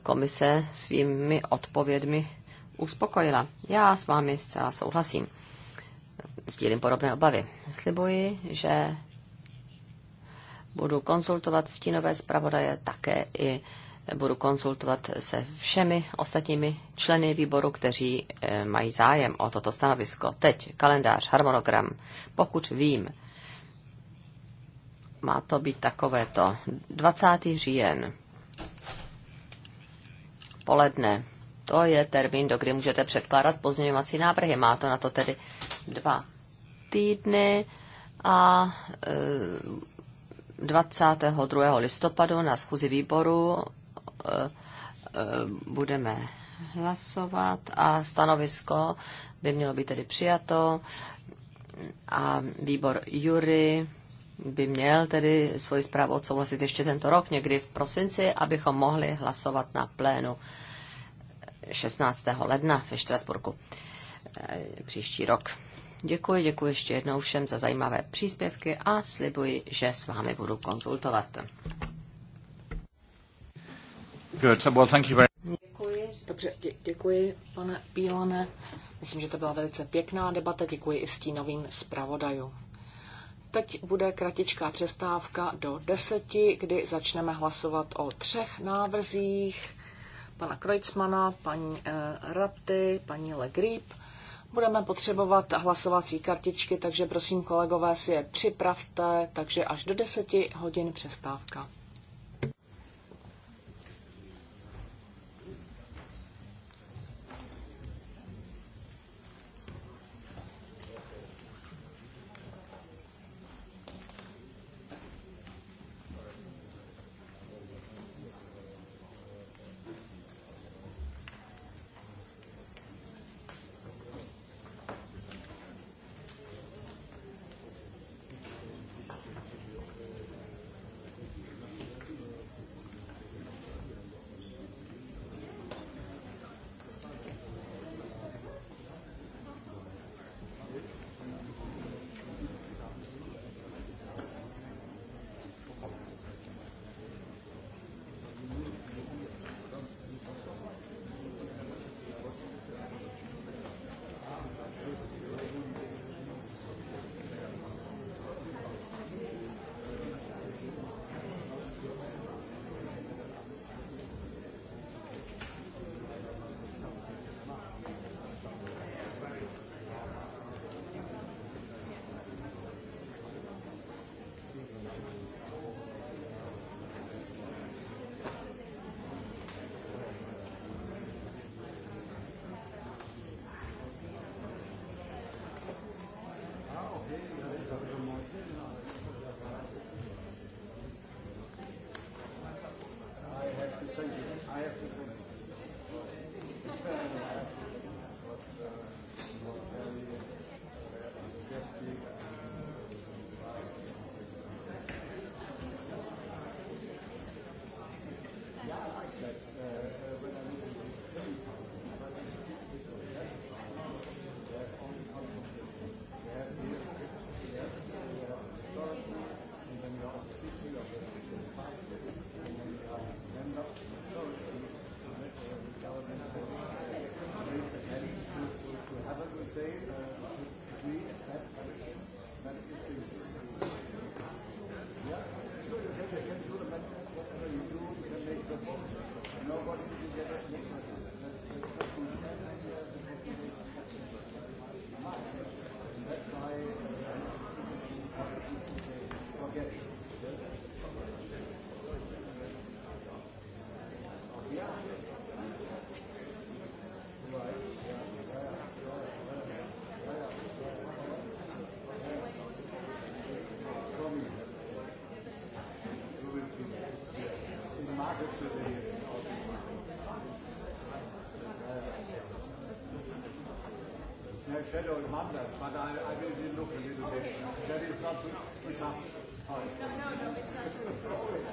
komise svými odpovědmi uspokojila. Já s vámi zcela souhlasím. Sdílím podobné obavy. Slibuji, že budu konzultovat stínové zpravodaje také i budu konzultovat se všemi ostatními členy výboru, kteří eh, mají zájem o toto stanovisko. Teď kalendář, harmonogram, pokud vím, má to být takovéto 20. říjen poledne. To je termín, do kdy můžete předkládat pozměňovací návrhy. Má to na to tedy dva týdny a e, eh, 22. listopadu na schůzi výboru Eh, budeme hlasovat a stanovisko by mělo být tedy přijato a výbor Jury by měl tedy svoji zprávu odsouhlasit ještě tento rok, někdy v prosinci, abychom mohli hlasovat na plénu 16. ledna ve Štrasburku eh, příští rok. Děkuji, děkuji ještě jednou všem za zajímavé příspěvky a slibuji, že s vámi budu konzultovat. Good. Well, thank you very... Děkuji. Dobře, dě, děkuji, pane Bílane. Myslím, že to byla velice pěkná debata. Děkuji i stínovým zpravodajům. Teď bude kratičká přestávka do deseti, kdy začneme hlasovat o třech návrzích pana Kreutzmana, paní eh, Rapty, paní Legrip. Budeme potřebovat hlasovací kartičky, takže prosím kolegové si je připravte, takže až do deseti hodin přestávka. shadow and wonders, but I, I really look a little okay, bit. Okay. That is not to, tough. No, no, no, it's not too tough.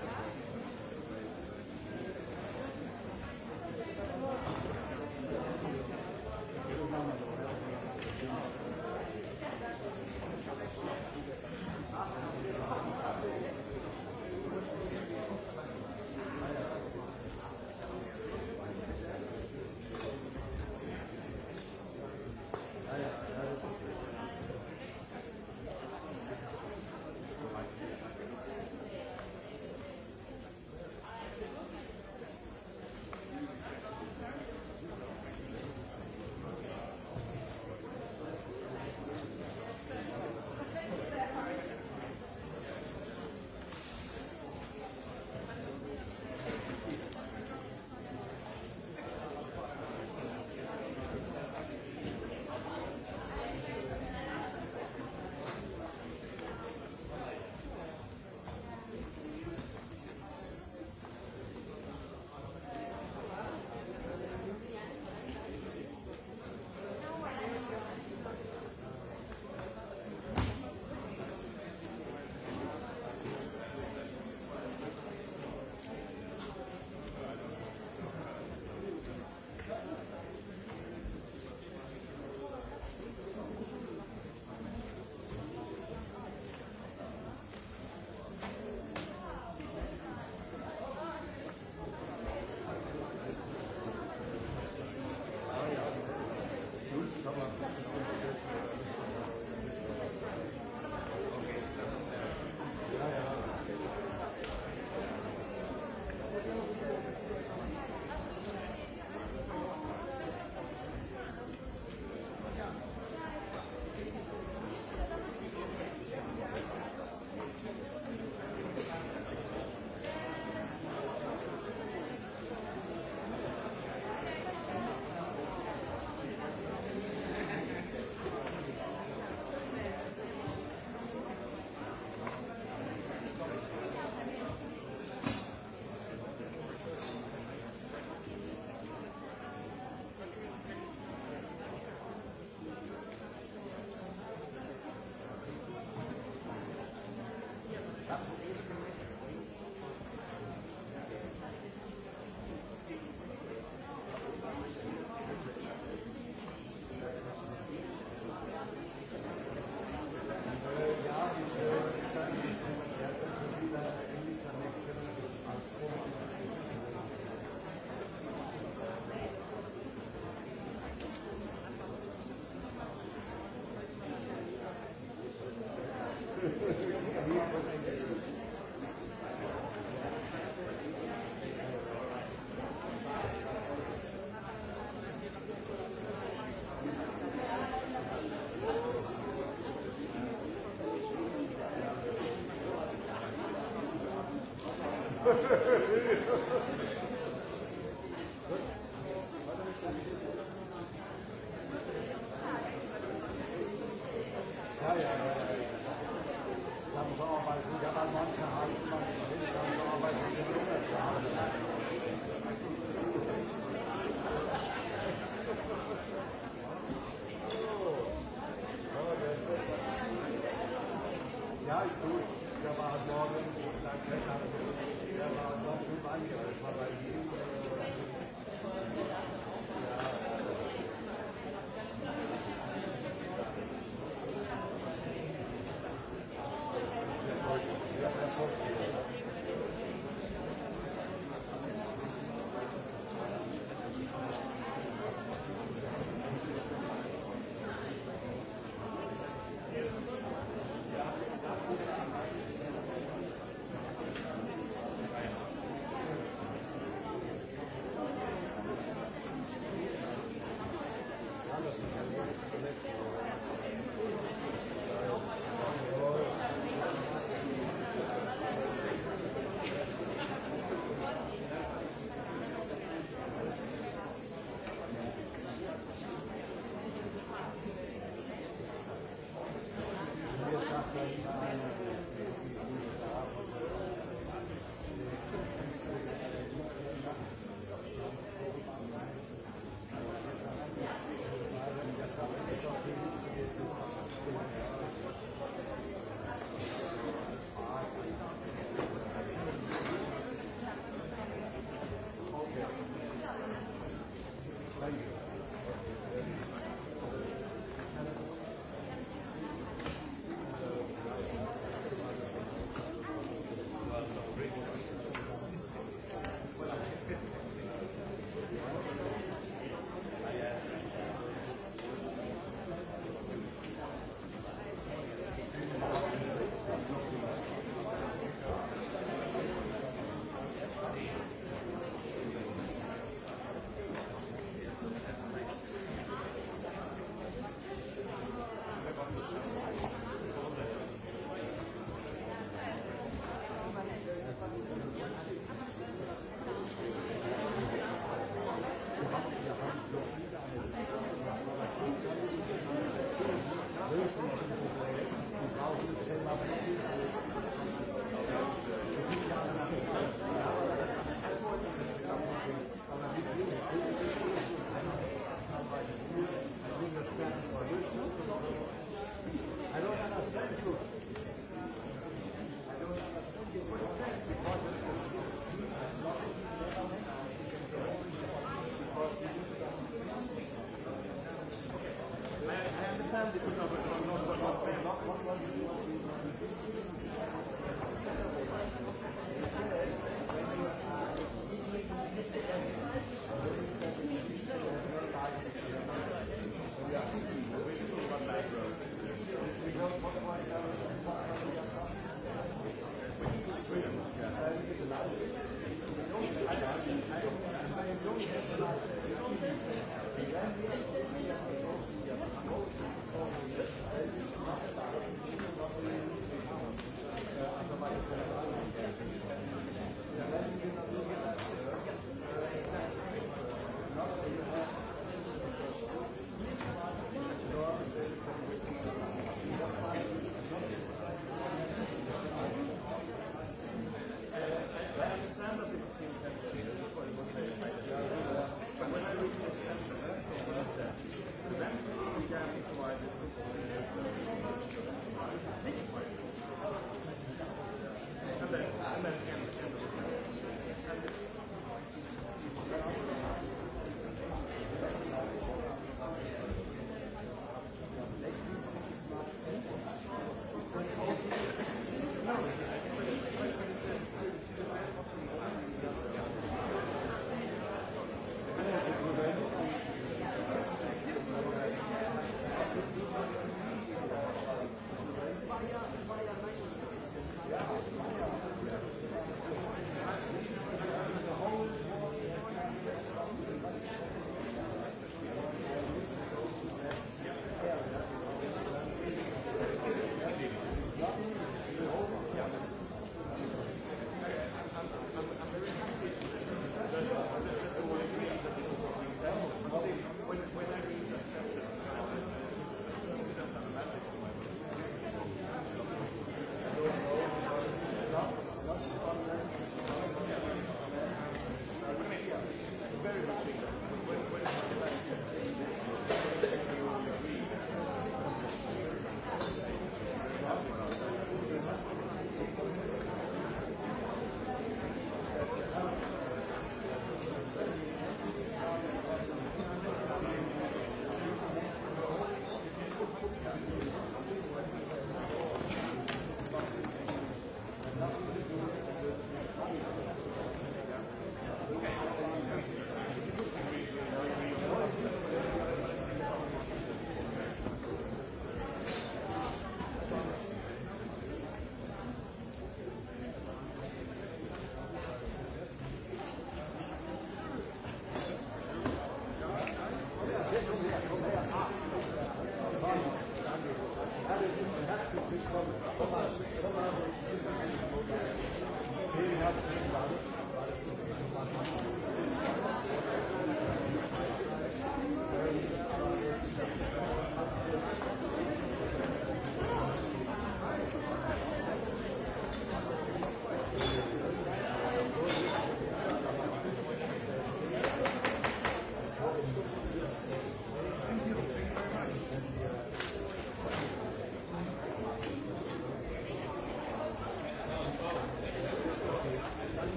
Yeah, yeah, yeah.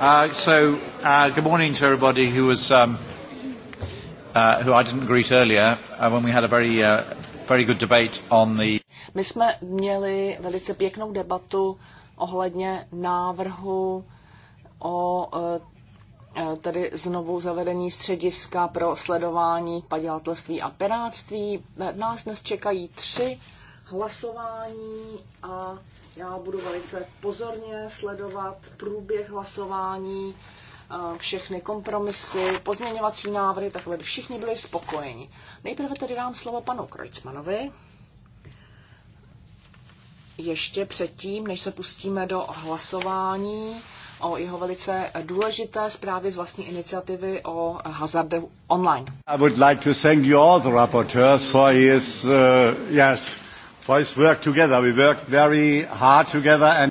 Uh, so, uh, good morning to everybody who was um, uh, who I didn't greet earlier uh, when we had a very uh, very good debate on the. My jsme měli velice pěknou debatu ohledně návrhu o uh, uh tedy znovu zavedení střediska pro sledování padělatelství a piráctví. Nás dnes čekají tři hlasování a já budu velice pozorně sledovat průběh hlasování, všechny kompromisy, pozměňovací návrhy, tak aby všichni byli spokojeni. Nejprve tedy dám slovo panu Krojcmanovi. Ještě předtím, než se pustíme do hlasování o jeho velice důležité zprávy z vlastní iniciativy o hazardu online. I would like to thank you all the rapporteurs for his, uh, yes, together. We worked very hard together and...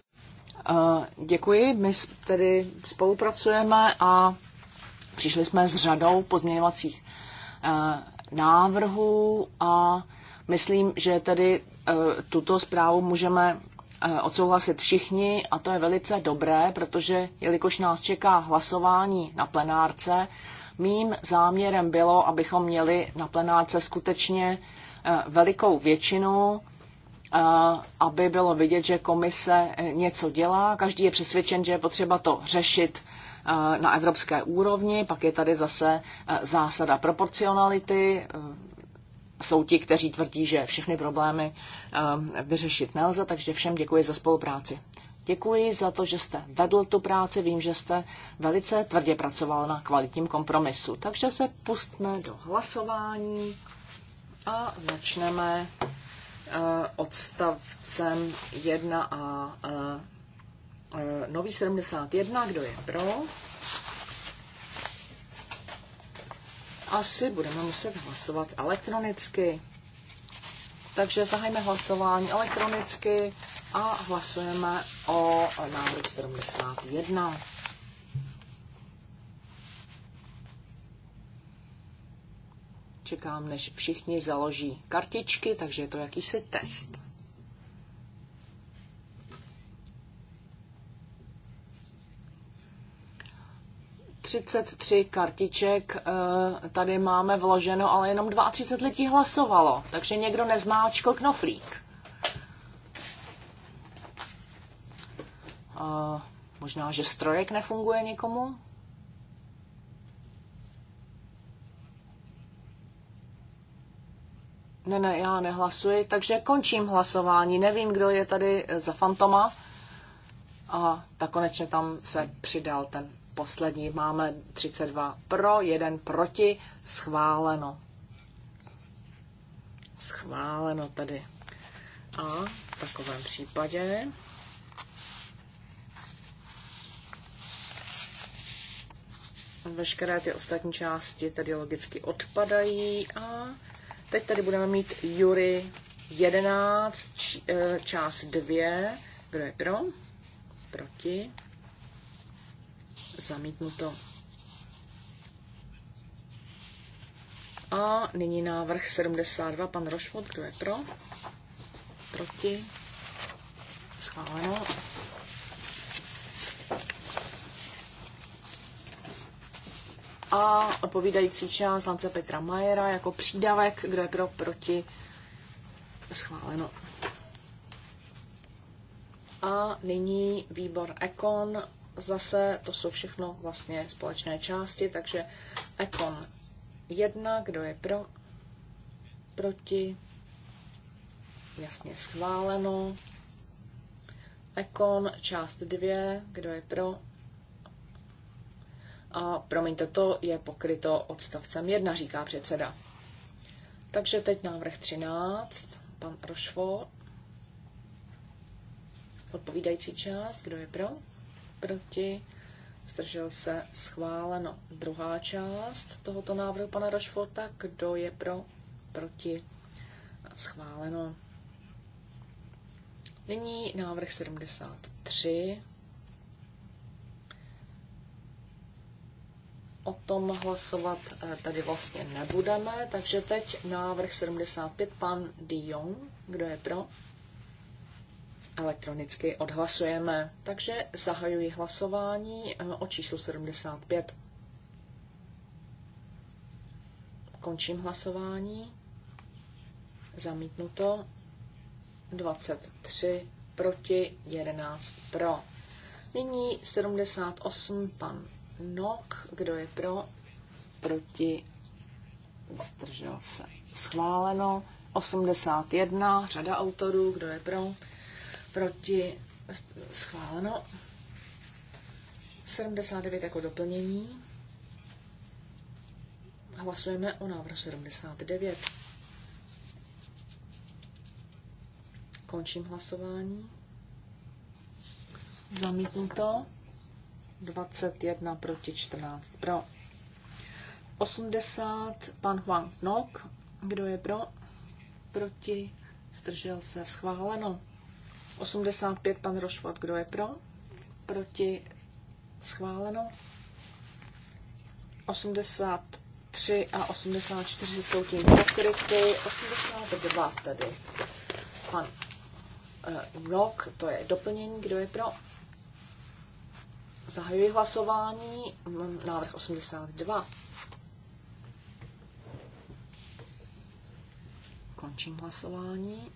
Uh, děkuji, my tedy spolupracujeme a přišli jsme s řadou pozměňovacích uh, návrhů a myslím, že tedy uh, tuto zprávu můžeme e, odsouhlasit všichni a to je velice dobré, protože jelikož nás čeká hlasování na plenárce, mým záměrem bylo, abychom měli na plenárce skutečně velikou většinu Eh, aby bylo vidět, že komise eh, něco dělá. Každý je přesvědčen, že je potřeba to řešit eh, na evropské úrovni. Pak je tady zase zásada proporcionality. Jsou ti, kteří tvrdí, že všechny problémy vyřešit nelze, takže všem děkuji za spolupráci. Děkuji za to, že jste vedl tu práci. Vím, že jste velice tvrdě pracoval na kvalitním kompromisu. Takže se pustme do hlasování a začneme Eh, odstavcem 1a eh, eh, nový 71, kdo je pro. Asi budeme muset hlasovat elektronicky. Takže zahajme hlasování elektronicky a hlasujeme o návrhu 71. Čekám, než všichni založí kartičky, takže je to jakýsi test. Třicet tři kartiček eh, tady máme vloženo, ale jenom 32 lidí hlasovalo, takže někdo nezmáčkl knoflík. Eh, možná, že strojek nefunguje někomu? Ne, ne, já nehlasuji, takže končím hlasování. Nevím, kdo je tady za fantoma. A tak konečně tam se přidal ten poslední. Máme 32 pro, jeden proti. Schváleno. Schváleno tedy. A v takovém případě veškeré ty ostatní části tedy logicky odpadají a Teď tady budeme mít Jury 11, eh, část 2. Kdo je pro? Proti? Zamítnuto. A nyní návrh 72, pan Rošvod, kdo je pro? Proti? Schváleno. a odpovídající část Lance Petra Majera jako přídavek, kdo je pro, proti, schváleno. A nyní výbor Econ, zase to jsou všechno vlastně společné části, takže Econ 1, kdo je pro, proti, jasně schváleno. Ekon část 2, kdo je pro, a promiňte, to je pokryto odstavcem 1, říká předseda. Takže teď návrh 13, pan Rošvo. Odpovídající část, kdo je pro? Proti? Zdržel se schváleno. Druhá část tohoto návrhu pana Rošforta, kdo je pro? Proti? Schváleno. Nyní návrh 73 o tom hlasovat eh, tady vlastně nebudeme, takže teď návrh 75, pan Dion, kdo je pro? Elektronicky odhlasujeme, takže zahajuji hlasování eh, o číslu 75. Končím hlasování. Zamítnuto. 23 proti, 11 pro. Nyní 78, pan NOK, kdo je pro, proti, zdržel se. Schváleno 81, řada autorů, kdo je pro, proti, schváleno 79 jako doplnění. Hlasujeme o návrhu 79. Končím hlasování. Zamítnuto. 21 proti 14 pro. 80 pan Huang Nok. Kdo je pro? Proti. Zdržel se. Schváleno. 85 pan Rošvat, Kdo je pro? Proti. Schváleno. 83 a 84 jsou tím pokryty. 82 tedy. Pan eh, Nok, to je doplnění. Kdo je pro? Zahajuji hlasování. Návrh 82. Končím hlasování.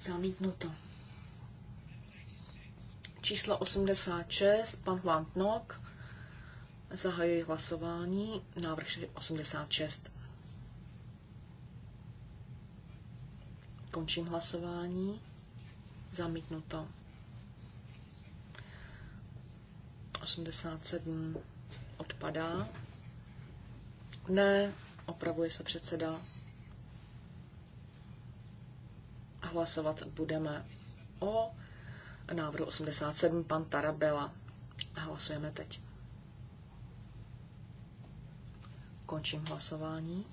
Zamítnuto. Číslo 86, pan Juan Tnok. Zahajuji hlasování. Návrh 86. Končím hlasování. Zamítnuto. 87 odpadá. Ne, opravuje se předseda. Hlasovat budeme o návrhu 87 pan Tarabela. Hlasujeme teď. Končím hlasování.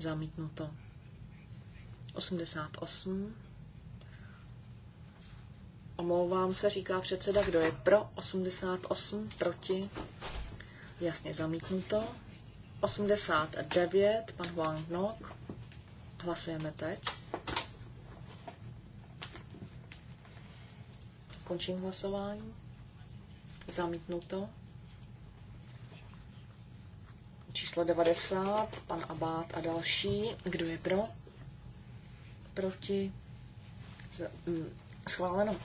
Zamítnuto. 88 Omlouvám se, říká předseda, kdo je pro 88, proti, jasně zamítnuto. 89, pan Huang Nok, hlasujeme teď. Končím hlasování. Zamítnuto. Číslo 90, pan Abát a další. Kdo je pro? Proti? Z- mm, schváleno.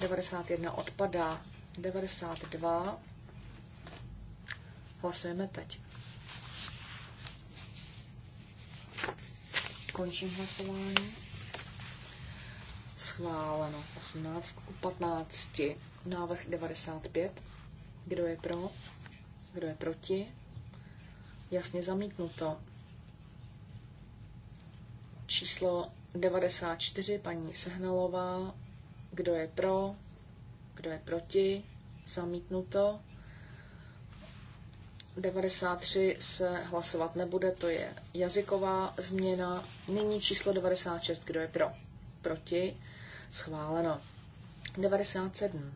91 odpadá. 92 hlasujeme teď. Končím hlasování. Schváleno 18 u 15. Návrh 95. Kdo je pro? Kdo je proti? Jasně zamítnuto. Číslo 94, paní Sehnalová, kdo je pro? Kdo je proti? Zamítnuto. 93 se hlasovat nebude, to je jazyková změna. Nyní číslo 96, kdo je pro? Proti? Schváleno. 97.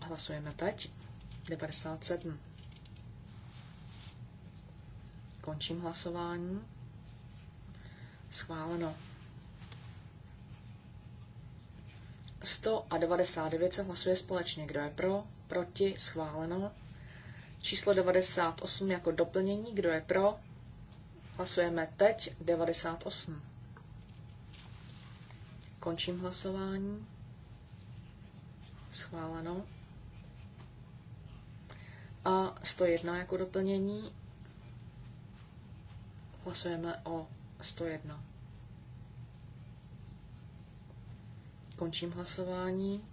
Hlasujeme teď. 97. Končím hlasování. Schváleno. 100 a 99 se hlasuje společně. Kdo je pro? Proti? Schváleno. Číslo 98 jako doplnění. Kdo je pro? Hlasujeme teď 98. Končím hlasování. Schváleno. A 101 jako doplnění. Hlasujeme o 101. Končím hlasování.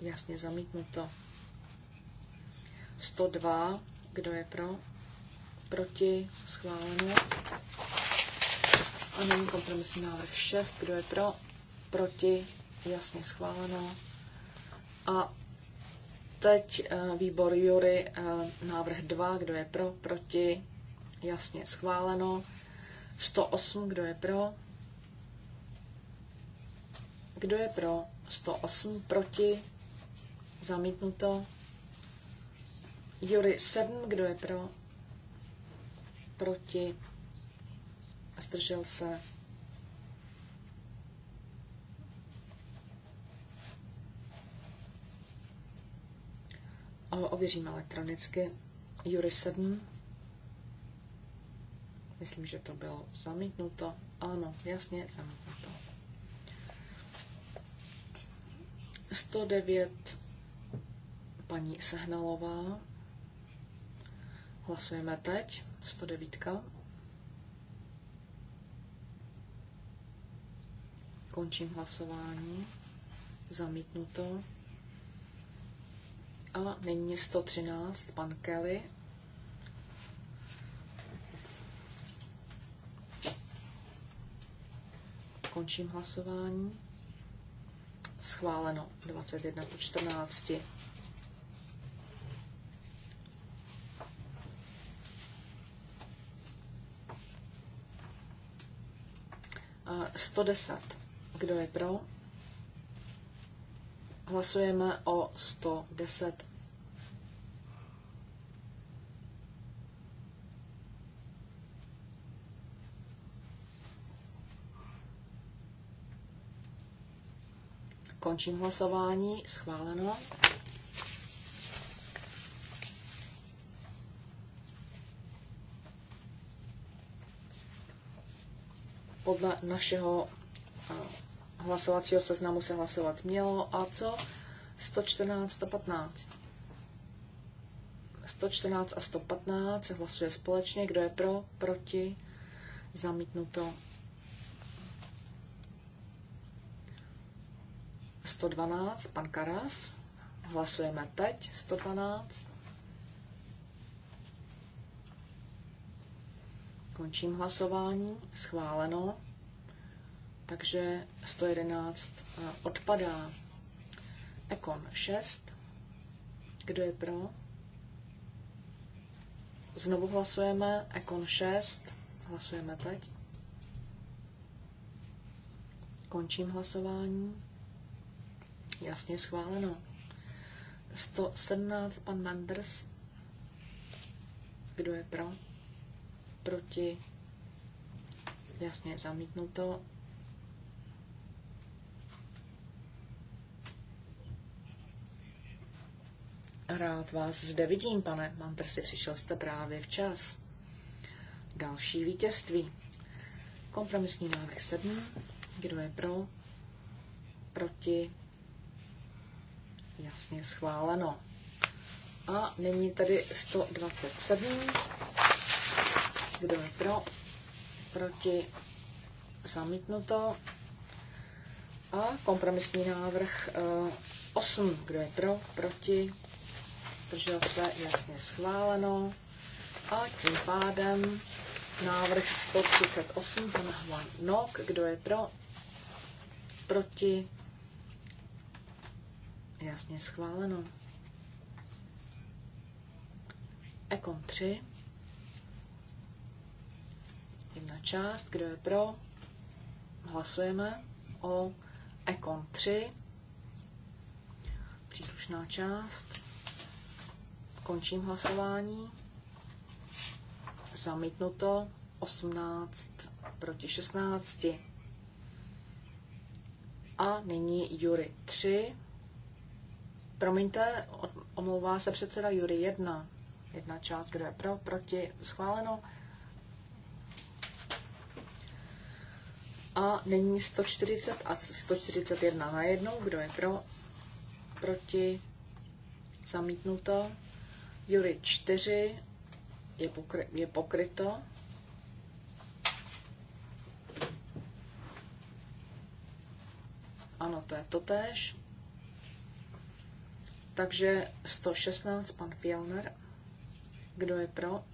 Jasně zamítnuto. 102. Kdo je pro? Proti? Schváleno. A nyní kompromisní návrh 6. Kdo je pro? Proti? Jasně schváleno. A teď eh, výbor Jury, eh, návrh 2. Kdo je pro? Proti? Jasně schváleno. 108. Kdo je pro? Kdo je pro? 108 proti. Zamítnuto. Jury 7, kdo je pro? Proti. A zdržel se. O, ověřím elektronicky. Jury 7. Myslím, že to bylo zamítnuto. Ano, jasně, zamítnuto. 109 paní Sehnalová. Hlasujeme teď. 109. Končím hlasování. Zamítnuto. A nyní 113, pan Kelly. Končím hlasování schváleno 21 po 14. Uh, 110. Kdo je pro? Hlasujeme o 110 Končím hlasování. Schváleno. Podle našeho eh, hlasovacího seznamu se hlasovat mělo. A co? 114, 115. 114 a 115 se hlasuje společně. Kdo je pro? Proti? Zamítnuto. 112, pan Karas. Hlasujeme teď 112. Končím hlasování. Schváleno. Takže 111 eh, odpadá. Ekon 6. Kdo je pro? Znovu hlasujeme. Ekon 6. Hlasujeme teď. Končím hlasování. Jasně schváleno. 117, pan Manders. Kdo je pro? Proti? Jasně zamítnuto. Rád vás zde vidím, pane Mantersi, přišel jste právě včas. Další vítězství. Kompromisní návrh 7. Kdo je pro? Proti? Jasně schváleno. A nyní tady 127. Kdo je pro? Proti? Zamítnuto. A kompromisní návrh 8. Eh, Kdo je pro? Proti? Zdržel se? Jasně schváleno. A tím pádem návrh 138 Pan Hvan Nok. Kdo je pro? Proti? Jasně schváleno. Ekon 3. Jedna část, kdo je pro. Hlasujeme o Ekon 3. Příslušná část. Končím hlasování. Zamítnuto 18 proti 16. A nyní Jury 3. Promiňte, omlouvá se předseda Jury 1. Jedna část, kdo je pro, proti, schváleno. A není 140 a 141 na jednou, kdo je pro, proti, zamítnuto. Jury 4 je, pokry, je pokryto. Ano, to je totéž. Takže 116, pan Pělner. Kdo je pro?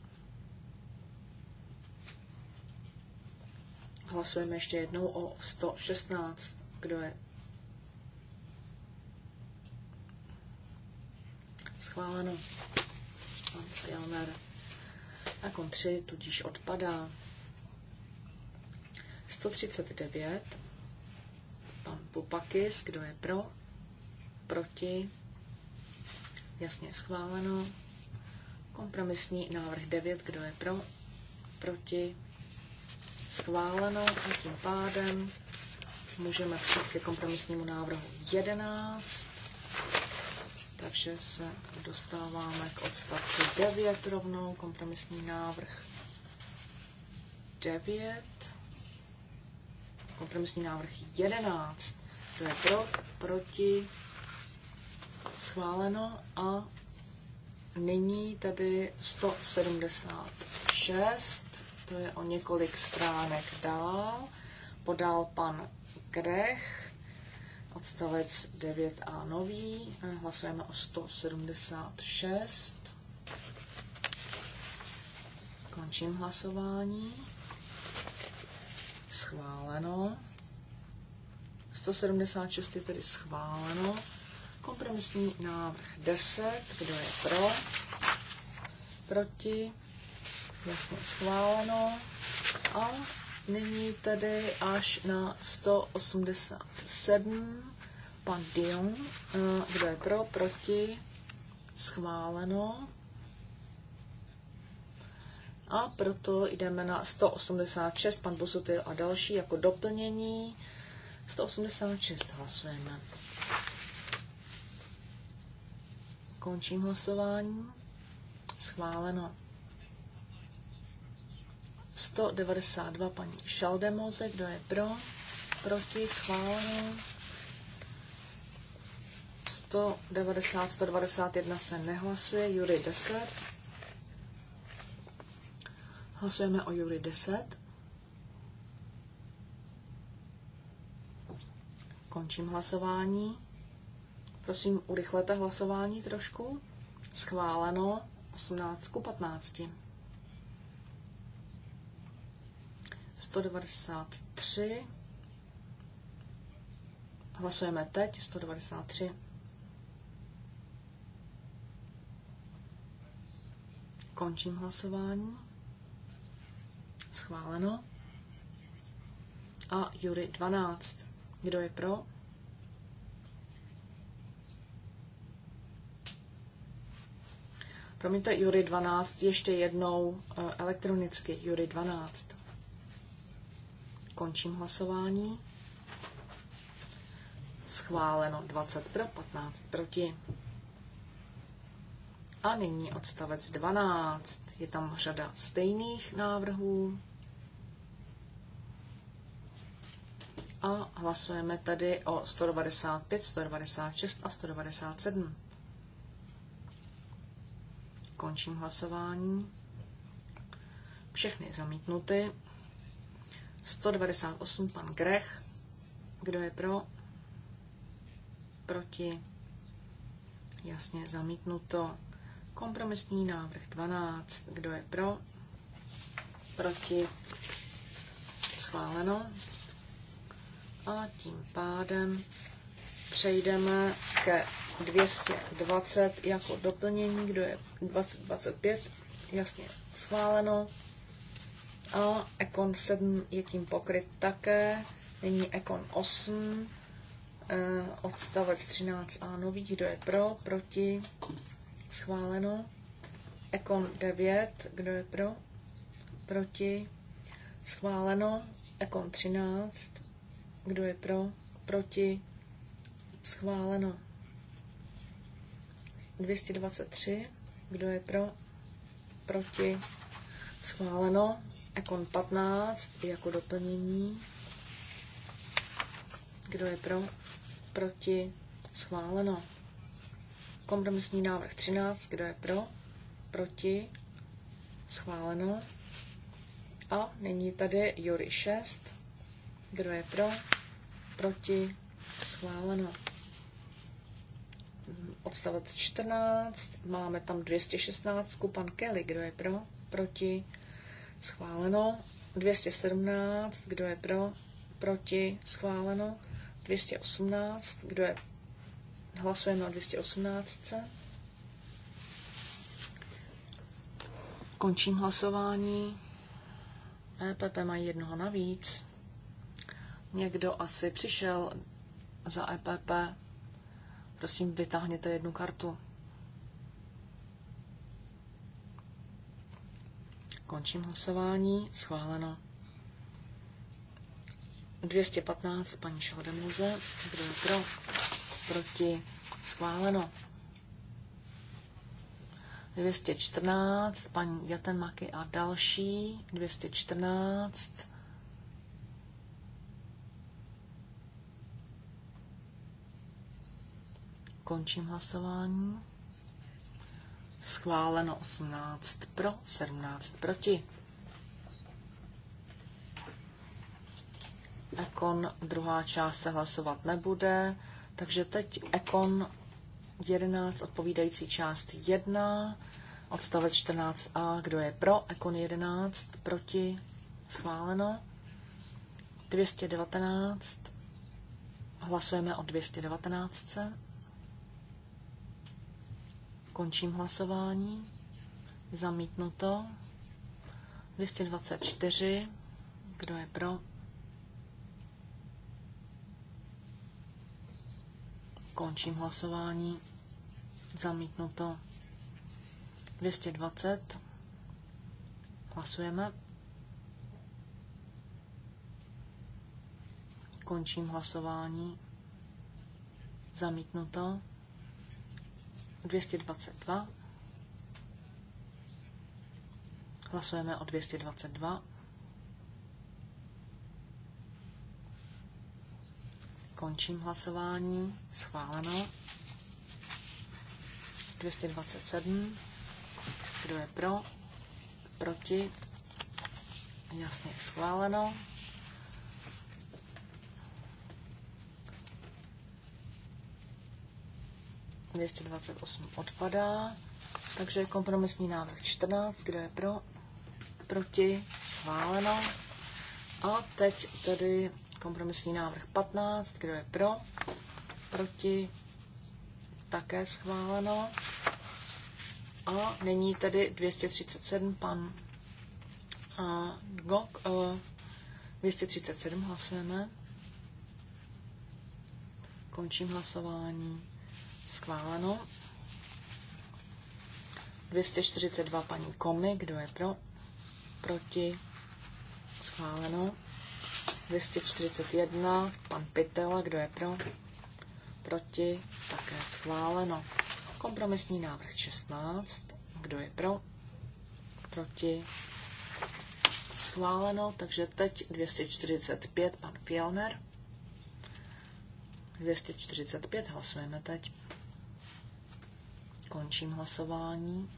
Hlasujeme ještě jednou o 116. Kdo je schváleno? Pan Pělner. A kon 3 tudíž odpadá. 139. Pan Pupakis, kdo je pro? Proti? Jasně schváleno. Kompromisní návrh 9, kdo je pro, proti, schváleno a tím pádem můžeme přijít ke kompromisnímu návrhu 11. Takže se dostáváme k odstavci 9 rovnou, kompromisní návrh 9, kompromisní návrh 11. To je pro, proti, Schváleno a nyní tady 176, to je o několik stránek dál, podal pan Grech, odstavec 9a nový, hlasujeme o 176. Končím hlasování. Schváleno. 176 je tedy schváleno. Kompromisní návrh 10. Kdo je pro? Proti? Jasně schváleno. A nyní tedy až na 187. Pan Dion. Eh, kdo je pro? Proti? Schváleno. A proto jdeme na 186, pan Bosutil a další jako doplnění. 186 hlasujeme. Končím hlasování. Schváleno. 192 paní Šaldemoze, kdo je pro, proti, schváleno. 190, 191 se nehlasuje, Jury 10. Hlasujeme o Jury 10. Končím hlasování. Prosím, urychlete hlasování trošku. Schváleno 18 ku 15. 193. Hlasujeme teď 193. Končím hlasování. Schváleno. A Jury 12. Kdo je pro? Promiňte, Jury 12, ještě jednou eh, elektronicky, Jury 12. Končím hlasování. Schváleno 20 pro, 15 proti. A nyní odstavec 12. Je tam řada stejných návrhů. A hlasujeme tady o 195, 196 a 197. Končím hlasování. Všechny zamítnuty. 198 pan Grech. Kdo je pro? Proti? Jasně zamítnuto. Kompromisní návrh 12. Kdo je pro? Proti? Schváleno. A tím pádem přejdeme ke 220 jako doplnění, kdo je 2025, jasně schváleno. A Econ 7 je tím pokryt také. Nyní Econ 8, eh, odstavec 13a nový, kdo je pro, proti, schváleno. Ekon 9, kdo je pro, proti, schváleno. Ekon 13, kdo je pro, proti, schváleno. 223. Kdo je pro? Proti? Schváleno. Ekon 15 jako doplnění. Kdo je pro? Proti? Schváleno. Kompromisní návrh 13. Kdo je pro? Proti? Schváleno. A nyní tady Jury 6. Kdo je pro? Proti? Schváleno odstavec 14, máme tam 216, pan Kelly, kdo je pro, proti, schváleno, 217, kdo je pro, proti, schváleno, 218, kdo je, hlasujeme o 218. Končím hlasování. EPP mají jednoho navíc. Někdo asi přišel za EPP Prosím, vytáhněte jednu kartu. Končím hlasování. Schváleno. 215 paní Šodemuze. Kdo je pro? Proti? Schváleno. 214 paní Jatenmaky a další. 214 Končím hlasování. Schváleno 18 pro, 17 proti. Ekon druhá část se hlasovat nebude, takže teď Ekon 11 odpovídající část 1, odstavec 14a, kdo je pro, Ekon 11, proti, schváleno. 219, hlasujeme o 219. Končím hlasování. Zamítnuto. 224. Kdo je pro? Končím hlasování. Zamítnuto. 220. Hlasujeme. Končím hlasování. Zamítnuto. 222. Hlasujeme o 222. Končím hlasování. Schváleno. 227. Kdo je pro? Proti? Jasně schváleno. 228 odpadá, takže kompromisní návrh 14, kdo je pro, proti, schváleno. A teď tedy kompromisní návrh 15, kdo je pro, proti, také schváleno. A nyní tedy 237, pan uh, Gok, uh, 237 hlasujeme. Končím hlasování. Schváleno. 242 paní Komy, kdo je pro? Proti? Schváleno. 241 pan Pitela, kdo je pro? Proti? Také schváleno. Kompromisní návrh 16, kdo je pro? Proti? Schváleno, takže teď 245 pan Fielner. 245 hlasujeme teď. Končím hlasování.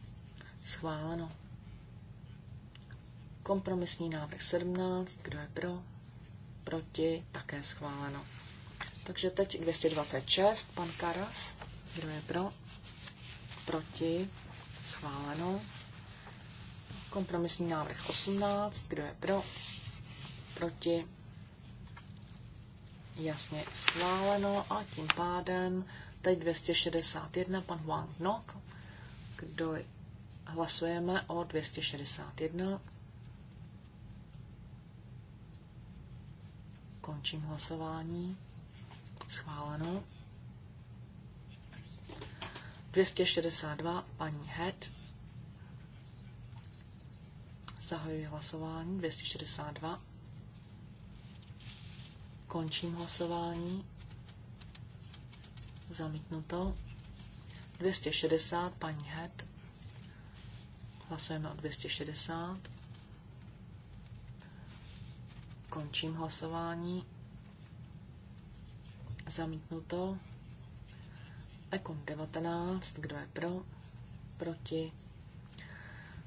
Schváleno. Kompromisní návrh 17. Kdo je pro? Proti? Také schváleno. Takže teď 226. Pan Karas. Kdo je pro? Proti? Schváleno. Kompromisní návrh 18. Kdo je pro? Proti? Jasně schváleno a tím pádem Teď 261, pan Huang Nok. Kdo hlasujeme o 261? Končím hlasování. Schváleno. 262, paní Het. Zahajuji hlasování. 262. Končím hlasování zamítnuto. 260, paní Het. Hlasujeme o 260. Končím hlasování. Zamítnuto. Ekon 19, kdo je pro? Proti?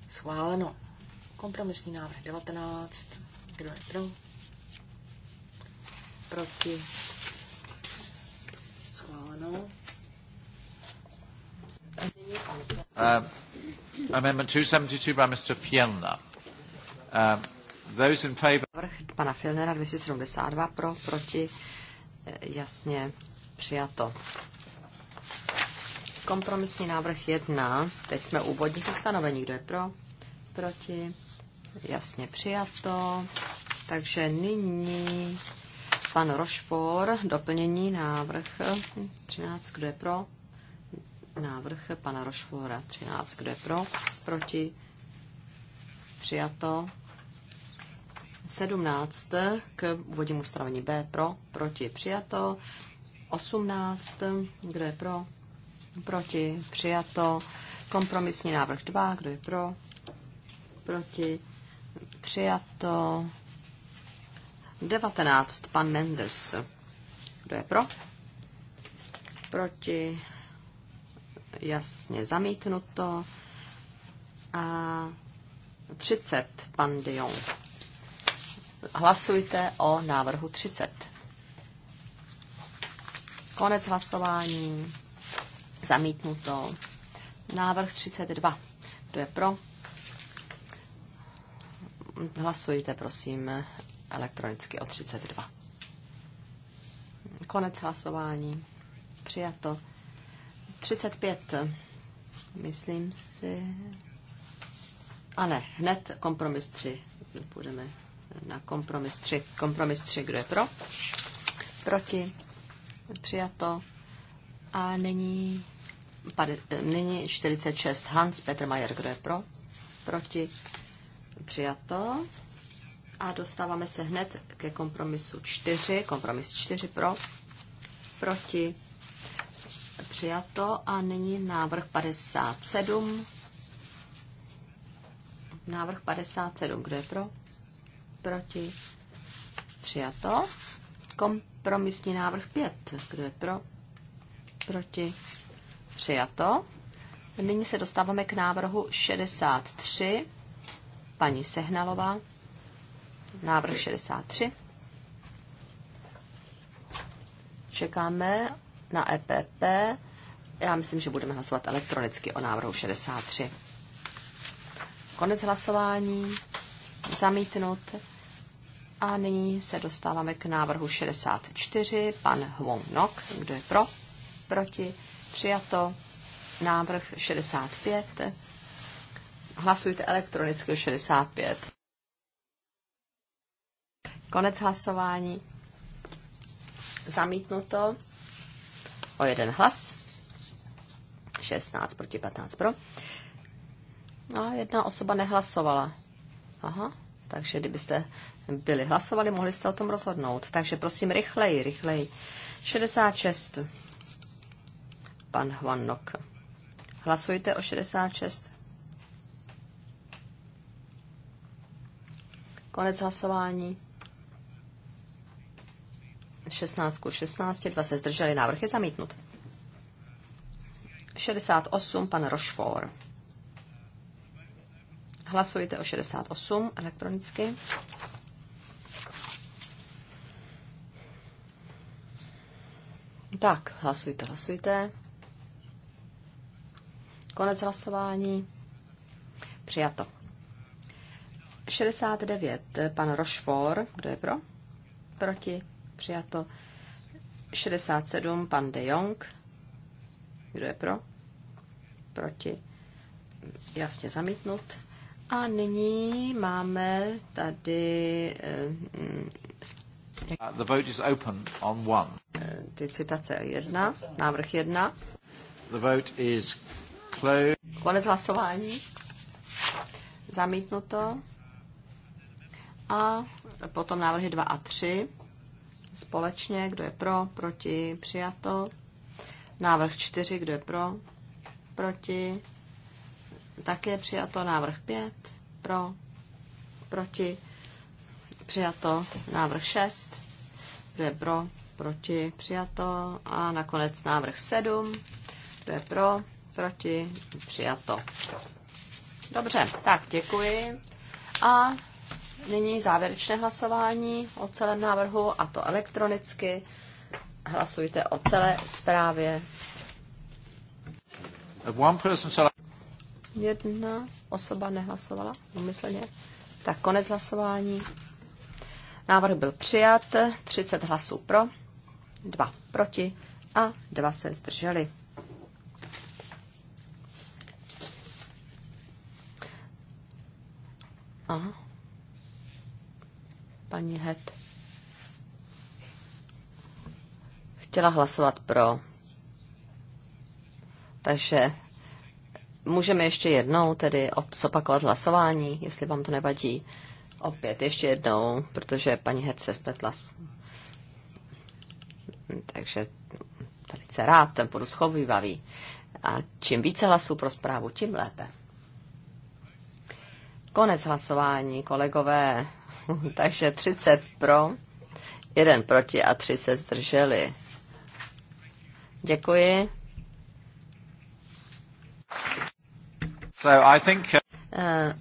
Schváleno. Kompromisní návrh 19, kdo je pro? Proti? Uh, amendment 272 by Mr. Fielner. Uh, those in favor... Pana Fielnera 272 pro, proti, eh, jasně přijato. Kompromisní návrh 1. Teď jsme u vodních ustanovení. Kdo je pro? Proti? Jasně přijato. Takže nyní Pan Rošfor, doplnění, návrh 13, kdo je pro? Návrh pana Rošfora 13, kdo je pro? Proti? Přijato. 17 k vodímu stravení B pro, proti přijato. 18, kdo je pro? Proti přijato. Kompromisní návrh 2, kdo je pro? Proti přijato. 19. Pan Menders. Kdo je pro? Proti? Jasně zamítnuto. A 30. Pan Dion. Hlasujte o návrhu 30. Konec hlasování. Zamítnuto. Návrh 32. Kdo je pro? Hlasujte, prosím, elektronicky o 32. Konec hlasování. Přijato. 35. Myslím si. A ne, hned kompromis 3. Půjdeme na kompromis 3. Kompromis 3, kdo je pro? Proti? Přijato. A nyní, nyní 46. Hans Peter Mayer, kdo je pro? Proti? Přijato a dostáváme se hned ke kompromisu 4. Kompromis 4 pro, proti, přijato a nyní návrh 57. Návrh 57, kdo je pro? Proti, přijato. Kompromisní návrh 5, kdo je pro? Proti, přijato. Nyní se dostáváme k návrhu 63. Paní Sehnalová návrh 63. Čekáme na EPP. Já myslím, že budeme hlasovat elektronicky o návrhu 63. Konec hlasování. Zamítnut. A nyní se dostáváme k návrhu 64. Pan Hwong Nok. Kdo je pro? Proti? Přijato. Návrh 65. Hlasujte elektronicky o 65. Konec hlasování. Zamítnuto o jeden hlas. 16 proti 15 pro. A jedna osoba nehlasovala. Aha, takže kdybyste byli hlasovali, mohli jste o tom rozhodnout. Takže prosím rychleji, rychleji. 66. Pan Hvannok. Hlasujte o 66. Konec hlasování. 16 ku 16, dva se zdrželi, návrh je zamítnut. 68, pan Rochefort. Hlasujte o 68 elektronicky. Tak, hlasujte, hlasujte. Konec hlasování. Přijato. 69, pan Rochefort, kdo je pro? Proti? přijato. 67, pan De Jong. Kdo je pro? Proti? Jasně zamítnut. A nyní máme tady... Eh, uh, the vote is open on one. Eh, ty citace jedna, návrh jedna. The vote is closed. Konec hlasování. Zamítnuto. A potom návrhy dva a tři společně, kdo je pro, proti, přijato. Návrh 4, kdo je pro, proti, také přijato. Návrh 5, pro, proti, přijato. Návrh 6, kdo je pro, proti, přijato. A nakonec návrh 7, kdo je pro, proti, přijato. Dobře, tak děkuji. A nyní závěrečné hlasování o celém návrhu, a to elektronicky. Hlasujte o celé zprávě. Jedna osoba nehlasovala umyslně. Tak konec hlasování. Návrh byl přijat, 30 hlasů pro, 2 proti a 2 se zdrželi. Aha. Paní Het chtěla hlasovat pro. Takže můžeme ještě jednou tedy zopakovat hlasování, jestli vám to nevadí. Opět ještě jednou, protože paní Het se spletla. Takže velice rád, ten budu schovývavý. A čím více hlasů pro zprávu, tím lépe. Konec hlasování, kolegové. [LAUGHS] Takže 30 pro, jeden proti a tři se zdrželi. Děkuji. So I think, uh, eh,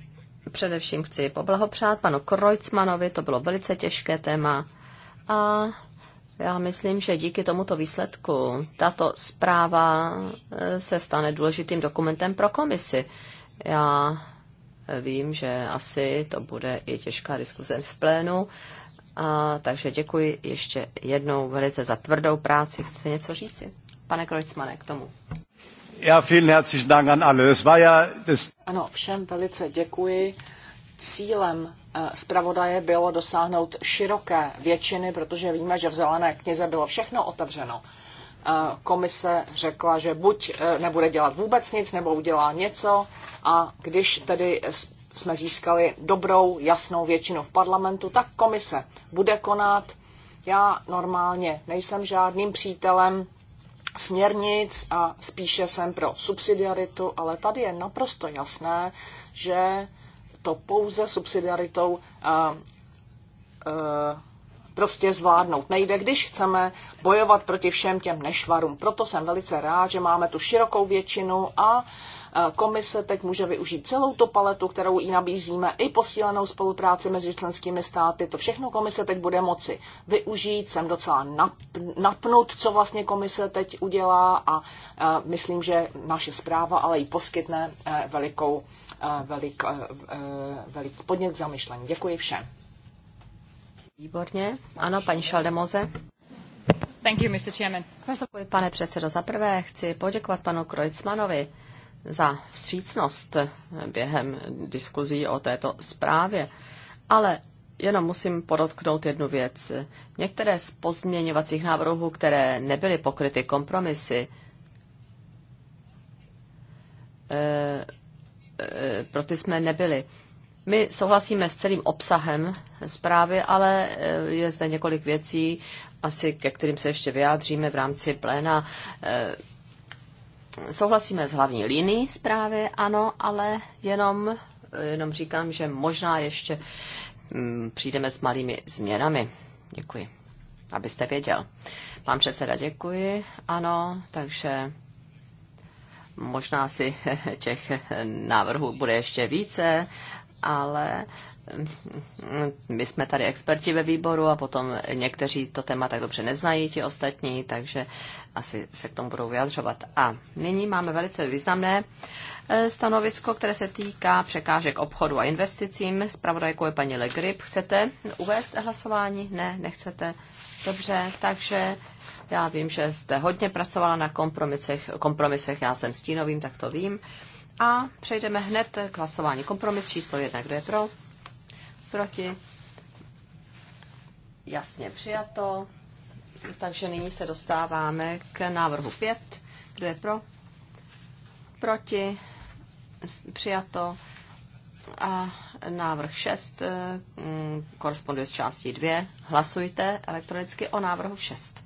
Především chci poblahopřát panu Krojcmanovi, to bylo velice těžké téma. A já myslím, že díky tomuto výsledku tato zpráva eh, se stane důležitým dokumentem pro komisi. Já vím, že asi to bude i těžká diskuze v plénu. A, takže děkuji ještě jednou velice za tvrdou práci. Chcete něco říci? Pane Krojcmane, k tomu. Ja, vielen herzlichen Dank an alle. Es war ja das... Ano, všem velice děkuji. Cílem eh, zpravodaje bylo dosáhnout široké většiny, protože víme, že v zelené knize bylo všechno otevřeno. Eh, komise řekla, že buď eh, nebude dělat vůbec nic, nebo udělá něco. A když tedy jsme získali dobrou, jasnou většinu v parlamentu, tak komise bude konat. Já normálně nejsem žádným přítelem směrnic a spíše jsem pro subsidiaritu, ale tady je naprosto jasné, že to pouze subsidiaritou uh, uh, prostě zvládnout nejde, když chceme bojovat proti všem těm nešvarům. Proto jsem velice rád, že máme tu širokou většinu a e, komise teď může využít celou tu paletu, kterou jí nabízíme, i posílenou spolupráci mezi členskými státy. To všechno komise teď bude moci využít. Jsem docela nap, napnut, co vlastně komise teď udělá a e, myslím, že naše zpráva ale i poskytne e, velikou, velik, velik podnět zamyšlení. Děkuji všem. Výborně. Ano, paní Šaldemoze. Thank you, Mr. Chairman. Děkuji, pane předsedo. Za prvé chci poděkovat panu Krojcmanovi za vstřícnost během diskuzí o této zprávě, ale jenom musím podotknout jednu věc. Některé z pozměňovacích návrhů, které nebyly pokryty kompromisy, eh, eh, pro ty jsme nebyli. My souhlasíme s celým obsahem zprávy, ale eh, je zde několik věcí, asi ke kterým se ještě vyjádříme v rámci pléna. Eh, souhlasíme s hlavní linií zprávy, ano, ale jenom, eh, jenom říkám, že možná ještě mm, přijdeme s malými změnami. Děkuji, abyste věděl. Pán předseda, děkuji. Ano, takže možná si [LAUGHS] těch návrhů bude ještě více ale mm, my jsme tady experti ve výboru a potom někteří to téma tak dobře neznají, ti ostatní, takže asi se k tomu budou vyjadřovat. A nyní máme velice významné e, stanovisko, které se týká překážek obchodu a investicím. Spravodajkou je paní Legrip. Chcete uvést hlasování? Ne, nechcete. Dobře, takže já vím, že jste hodně pracovala na kompromisech, kompromisech já jsem stínovým, tak to vím. A přejdeme hned k hlasování. Kompromis číslo jedna. Kdo je pro? Proti? Jasně přijato. Takže nyní se dostáváme k návrhu 5. Kdo je pro? Proti? Přijato. A návrh 6 mm, koresponduje s částí 2. Hlasujte elektronicky o návrhu 6.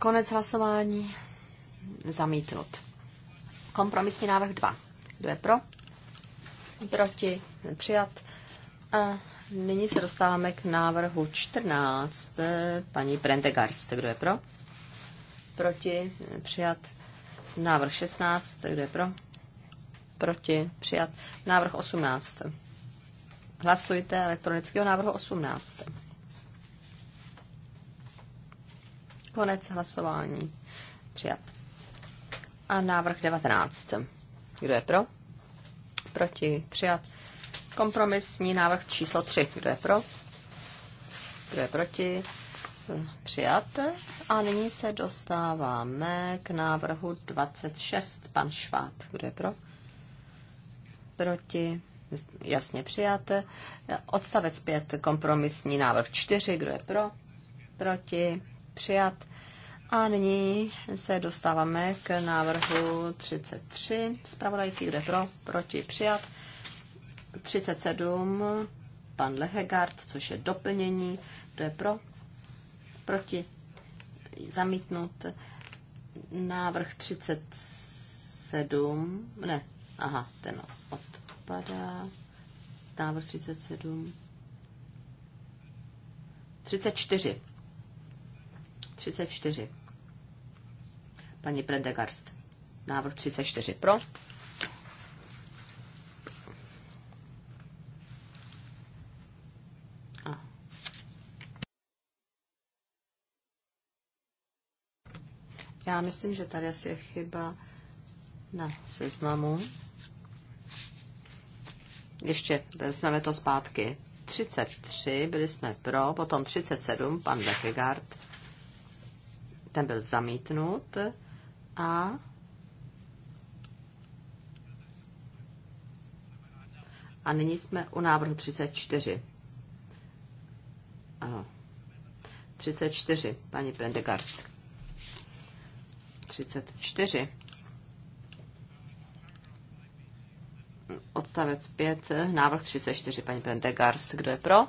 Konec hlasování zamítnut. Kompromisní návrh 2. Kdo je pro? Proti? Přijat. A nyní se dostáváme k návrhu 14. Paní Prendegarst. Kdo je pro? Proti? Přijat. Návrh 16. Kdo je pro? Proti? Přijat. Návrh 18. Hlasujte elektronického návrhu 18. Konec hlasování. Přijat. A návrh 19. Kdo je pro? Proti? Přijat. Kompromisní návrh číslo 3. Kdo je pro? Kdo je proti? Přijat. A nyní se dostáváme k návrhu 26. Pan Šváb. Kdo je pro? Proti? Jasně přijat. Odstavec 5. Kompromisní návrh 4. Kdo je pro? Proti? Přijat. A nyní se dostáváme k návrhu 33. Zpravodajky, kde pro, proti, přijat. 37. Pan Lehegard, což je doplnění. Kdo je pro, proti, zamítnut. Návrh 37. Ne, aha, ten odpadá. Návrh 37. 34. 34 paní Prendegarst. Návrh 34 pro. Já myslím, že tady asi je chyba na seznamu. Ještě vezmeme to zpátky. 33 byli jsme pro, potom 37 pan Lekegard, ten byl zamítnut. A. A nyní jsme u návrhu 34. Ano. 34, paní Prendegarst. 34. Odstavec 5, návrh 34, paní Prendegarst. Kdo je pro?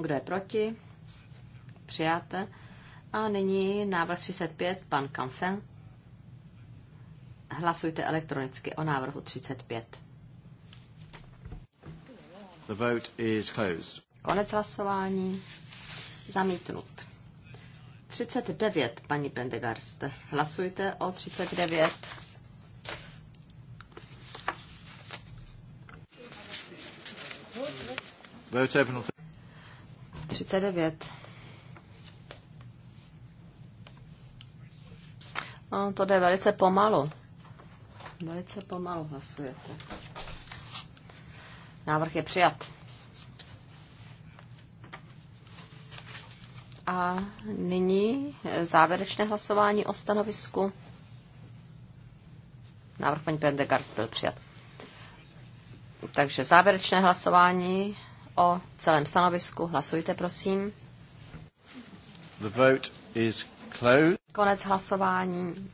Kdo je proti? Přijáte. A nyní návrh 35, pan Kamfen. Hlasujte elektronicky o návrhu 35. The vote is closed. Konec hlasování. Zamítnut. 39, paní Pendegarst. Hlasujte o 39. Vote open 39. Ano, to jde velice pomalu. Velice pomalu hlasujete. Návrh je přijat. A nyní závěrečné hlasování o stanovisku. Návrh paní Pendegarst byl přijat. Takže závěrečné hlasování o celém stanovisku. Hlasujte, prosím. The vote is Konec hlasování.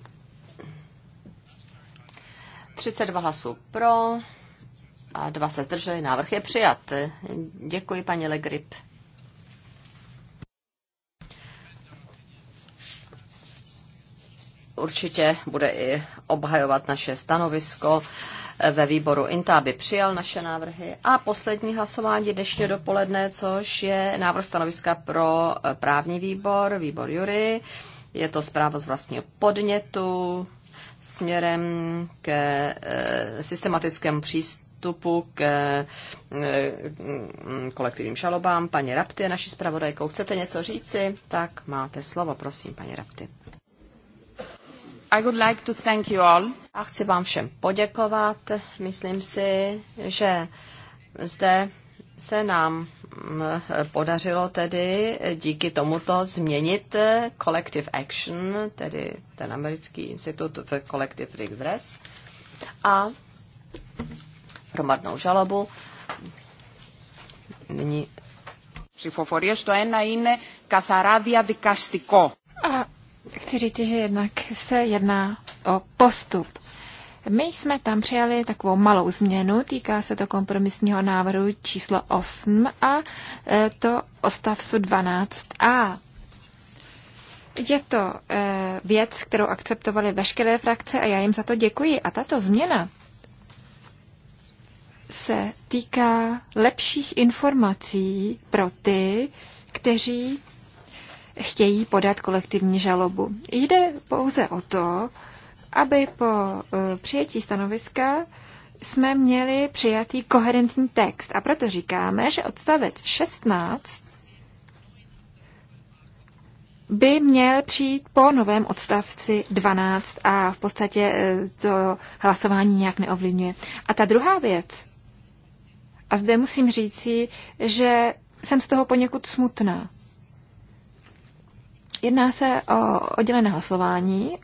32 hlasů pro a dva se zdrželi. Návrh je přijat. Děkuji, paní Legrip. Určitě bude i obhajovat naše stanovisko ve výboru INTA, aby přijal naše návrhy. A poslední hlasování dnešního dopoledne, což je návrh stanoviska pro právní výbor, výbor Jury je to zpráva z vlastního podnětu směrem k e, systematickému přístupu k e, mm, kolektivním šalobám, Paní Rapty je naší zpravodajkou. Chcete něco říci? Tak máte slovo, prosím, paní Rapty. I would like to thank you all. A chci vám všem poděkovat. Myslím si, že zde se nám Mm, podařilo tedy díky tomuto změnit eh, Collective Action, tedy ten americký institut v Collective Redress a hromadnou žalobu. Nyní ψηφοφορία στο ένα είναι καθαρά διαδικαστικό. A chci říct, že jednak se jedná o postup. My jsme tam přijali takovou malou změnu, týká se to kompromisního návrhu číslo 8 a e, to ostavcu 12a. Je to e, věc, kterou akceptovali veškeré frakce a já jim za to děkuji. A tato změna se týká lepších informací pro ty, kteří chtějí podat kolektivní žalobu. Jde pouze o to, aby po eh, přijetí stanoviska jsme měli přijatý koherentní text. A proto říkáme, že odstavec 16 by měl přijít po novém odstavci 12 a v podstatě eh, to hlasování nějak neovlivňuje. A ta druhá věc, a zde musím říci, že jsem z toho poněkud smutná. Jedná se o oddělené hlasování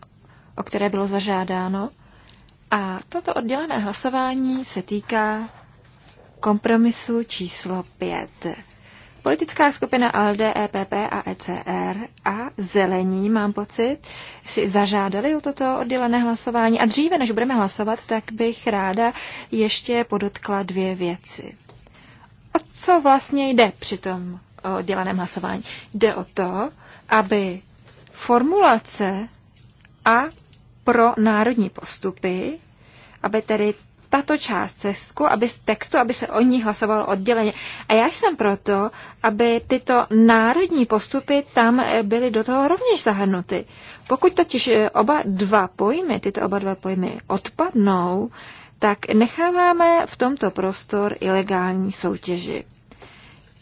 o které bylo zažádáno. A toto oddělené hlasování se týká kompromisu číslo 5. Politická skupina ALDE, EPP a ECR e a Zelení, mám pocit, si zažádali o toto oddělené hlasování. A dříve, než budeme hlasovat, tak bych ráda ještě podotkla dvě věci. O co vlastně jde při tom odděleném hlasování? Jde o to, aby formulace a pro národní postupy, aby tedy tato část cestku, aby z textu, aby se o ní hlasovalo odděleně. A já jsem proto, aby tyto národní postupy tam eh, byly do toho rovněž zahrnuty. Pokud totiž eh, oba dva pojmy, tyto oba dva pojmy odpadnou, tak necháváme v tomto prostor ilegální soutěži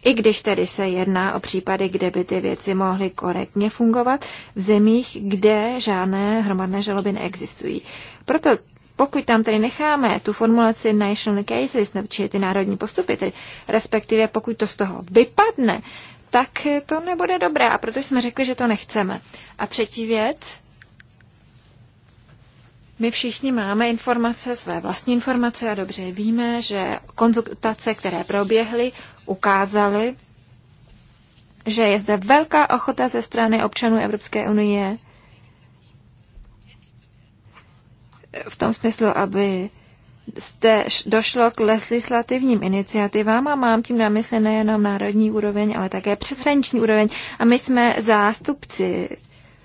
i když tedy se jedná o případy, kde by ty věci mohly korektně fungovat v zemích, kde žádné hromadné žaloby neexistují. Proto pokud tam tedy necháme tu formulaci national cases, nebo či ty národní postupy, tedy respektive pokud to z toho vypadne, tak to nebude dobré a protože jsme řekli, že to nechceme. A třetí věc, my všichni máme informace, své vlastní informace a dobře víme, že konzultace, které proběhly, ukázaly, že je zde velká ochota ze strany občanů Evropské unie v tom smyslu, aby zde došlo k legislativním iniciativám a mám tím na mysli nejenom národní úroveň, ale také přeshraniční úroveň. A my jsme zástupci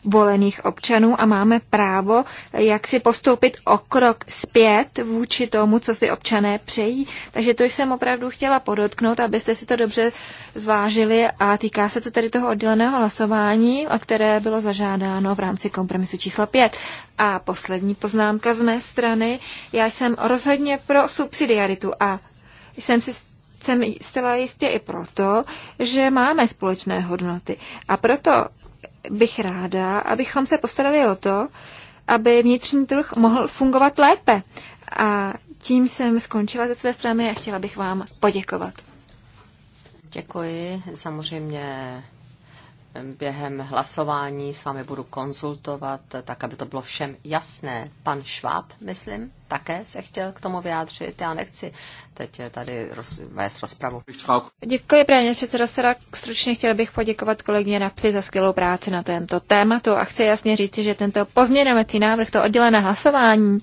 volených občanů a máme právo jak si postoupit o krok zpět vůči tomu, co si občané přejí. Takže to jsem opravdu chtěla podotknout, abyste si to dobře zvážili a týká se to tedy toho odděleného hlasování, o které bylo zažádáno v rámci kompromisu číslo 5. A poslední poznámka z mé strany. Já jsem rozhodně pro subsidiaritu a jsem si jsem zcela jistě i proto, že máme společné hodnoty. A proto bych ráda, abychom se postarali o to, aby vnitřní trh mohl fungovat lépe. A tím jsem skončila ze své strany a chtěla bych vám poděkovat. Děkuji. Samozřejmě během hlasování s vámi budu konzultovat, tak aby to bylo všem jasné. Pan Šváb, myslím, také se chtěl k tomu vyjádřit. Já nechci teď tady roz, vést rozpravu. Děkuji, paní předsedo Sara. Stručně chtěl bych poděkovat kolegyně Napty za skvělou práci na tento tématu a chci jasně říci, že tento pozměňovací návrh, to oddělené hlasování,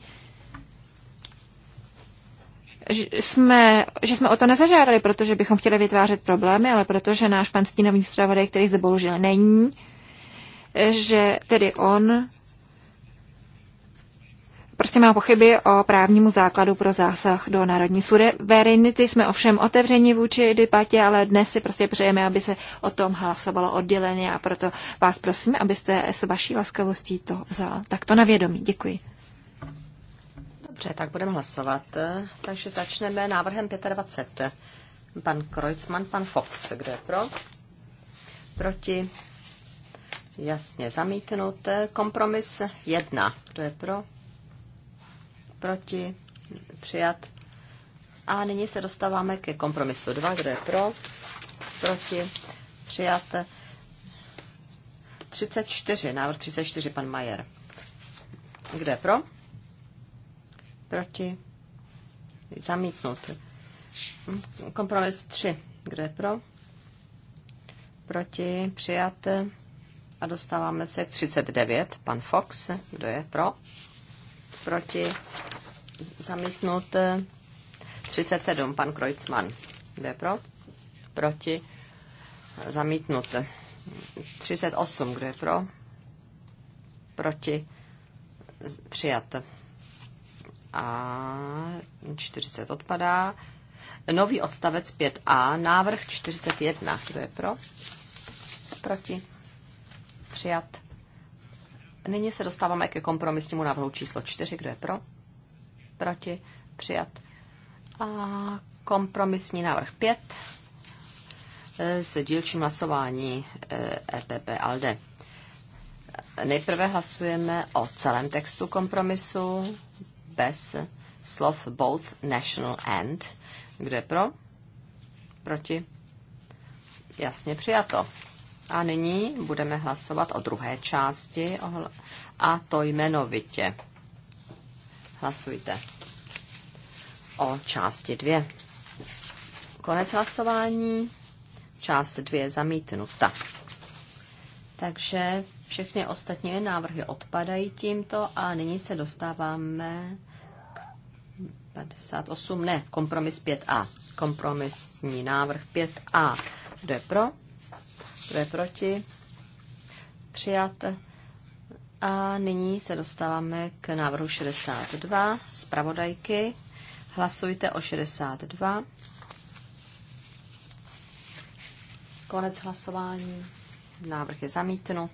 jsme, že jsme o to nezažádali, protože bychom chtěli vytvářet problémy, ale protože náš pan stínový stravodaj, který zde bohužel není, že tedy on prostě má pochyby o právnímu základu pro zásah do národní suverenity. Jsme ovšem otevřeni vůči debatě, ale dnes si prostě přejeme, aby se o tom hlasovalo odděleně a proto vás prosím, abyste s vaší laskavostí to vzal. Tak to na vědomí. Děkuji. Dobře, tak budeme hlasovat. Takže začneme návrhem 25. Pan Kreutzmann, pan Fox. Kdo je pro? Proti? Jasně zamítnut. Kompromis 1. Kdo je pro? Proti? Přijat. A nyní se dostáváme ke kompromisu 2. Kdo je pro? Proti? Přijat. 34. Návrh 34, pan Majer. Kdo je pro? proti, zamítnout. Kompromis 3, kdo je pro, proti, přijat. A dostáváme se 39, pan Fox, kdo je pro, proti, zamítnout. 37, pan Kreutzmann, kdo je pro, proti, zamítnout. 38, kdo je pro, proti, přijat a 40 odpadá. Nový odstavec 5a, návrh 41. Kdo je pro? Proti? Přijat. Nyní se dostáváme ke kompromisnímu návrhu číslo 4. Kdo je pro? Proti? Přijat. A kompromisní návrh 5 eh, s dílčím hlasování EPP eh, e ALDE. Nejprve hlasujeme o celém textu kompromisu bez slov both national and. kde pro? Proti? Jasně přijato. A nyní budeme hlasovat o druhé části a to jmenovitě. Hlasujte o části dvě. Konec hlasování. Část dvě zamítnuta. Takže všechny ostatní návrhy odpadají tímto a nyní se dostáváme 58 ne, kompromis 5a. Kompromisní návrh 5a. Kdo je pro? Kdo je proti? Přijat. A nyní se dostáváme k návrhu 62 zpravodajky. Hlasujte o 62. Konec hlasování. Návrh je zamítnut.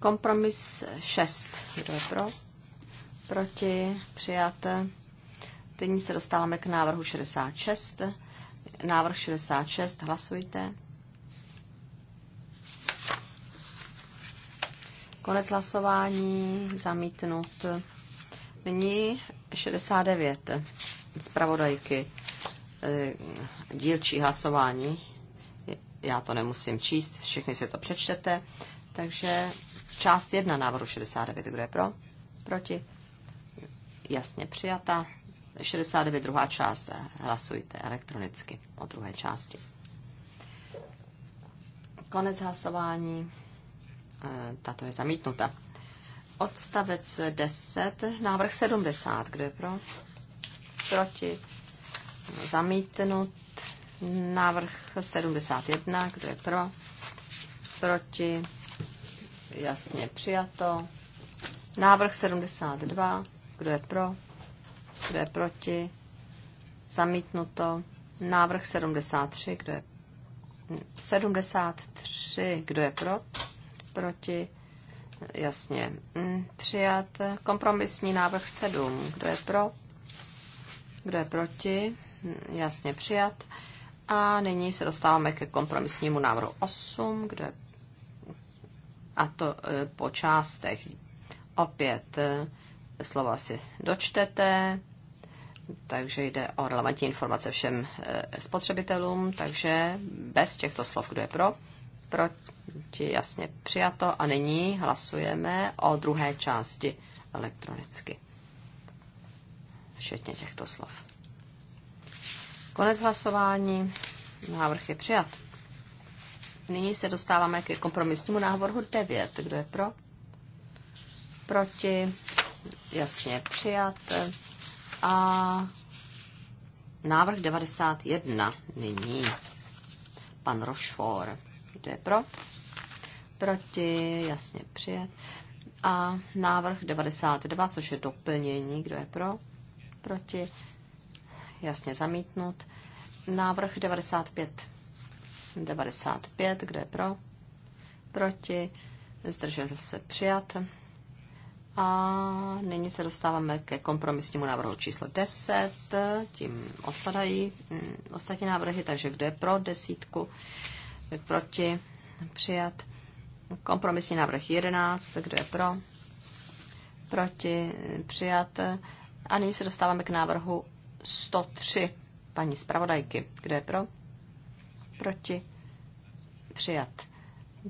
Kompromis 6. Kdo je pro? Proti? Přijat. Nyní se dostáváme k návrhu 66. Návrh 66, hlasujte. Konec hlasování, zamítnut. Nyní 69 zpravodajky eh, dílčí hlasování. Já to nemusím číst, všichni si to přečtete. Takže část 1 návrhu 69, kdo je pro? Proti? Jasně přijata. 69 druhá část. Eh, hlasujte elektronicky o druhé části. Konec hlasování. Eh, tato je zamítnuta. Odstavec 10, návrh 70. Kdo je pro? Proti? Zamítnut. Návrh 71. Kdo je pro? Proti? Jasně přijato. Návrh 72. Kdo je pro? kdo je proti, zamítnuto. Návrh 73, kdo je 73, kdo je pro, proti, jasně, mm, přijat. Kompromisní návrh 7, kdo je pro, kdo je proti, mm, jasně přijat. A nyní se dostáváme ke kompromisnímu návrhu 8, kdo je a to e, po částech. Opět e, slova si dočtete, takže jde o relevantní informace všem eh, spotřebitelům, takže bez těchto slov, kdo je pro, proti, jasně přijato. A nyní hlasujeme o druhé části elektronicky. Všetně těchto slov. Konec hlasování. Návrh je přijat. Nyní se dostáváme ke kompromisnímu návrhu 9. Kdo je pro? Proti? Jasně přijat. A návrh 91 nyní. Pan Rošfor. Kdo je pro? Proti, jasně přijet. A návrh 92, což je doplnění. Kdo je pro? Proti, jasně zamítnut. Návrh 95. 95, kdo je pro? Proti, zdržel se přijat. A nyní se dostáváme ke kompromisnímu návrhu číslo 10. Tím odpadají mm, ostatní návrhy, takže kdo je pro desítku, proti, přijat. Kompromisní návrh 11, kdo je pro, proti, přijat. A nyní se dostáváme k návrhu 103 paní zpravodajky. Kdo je pro? Proti, přijat.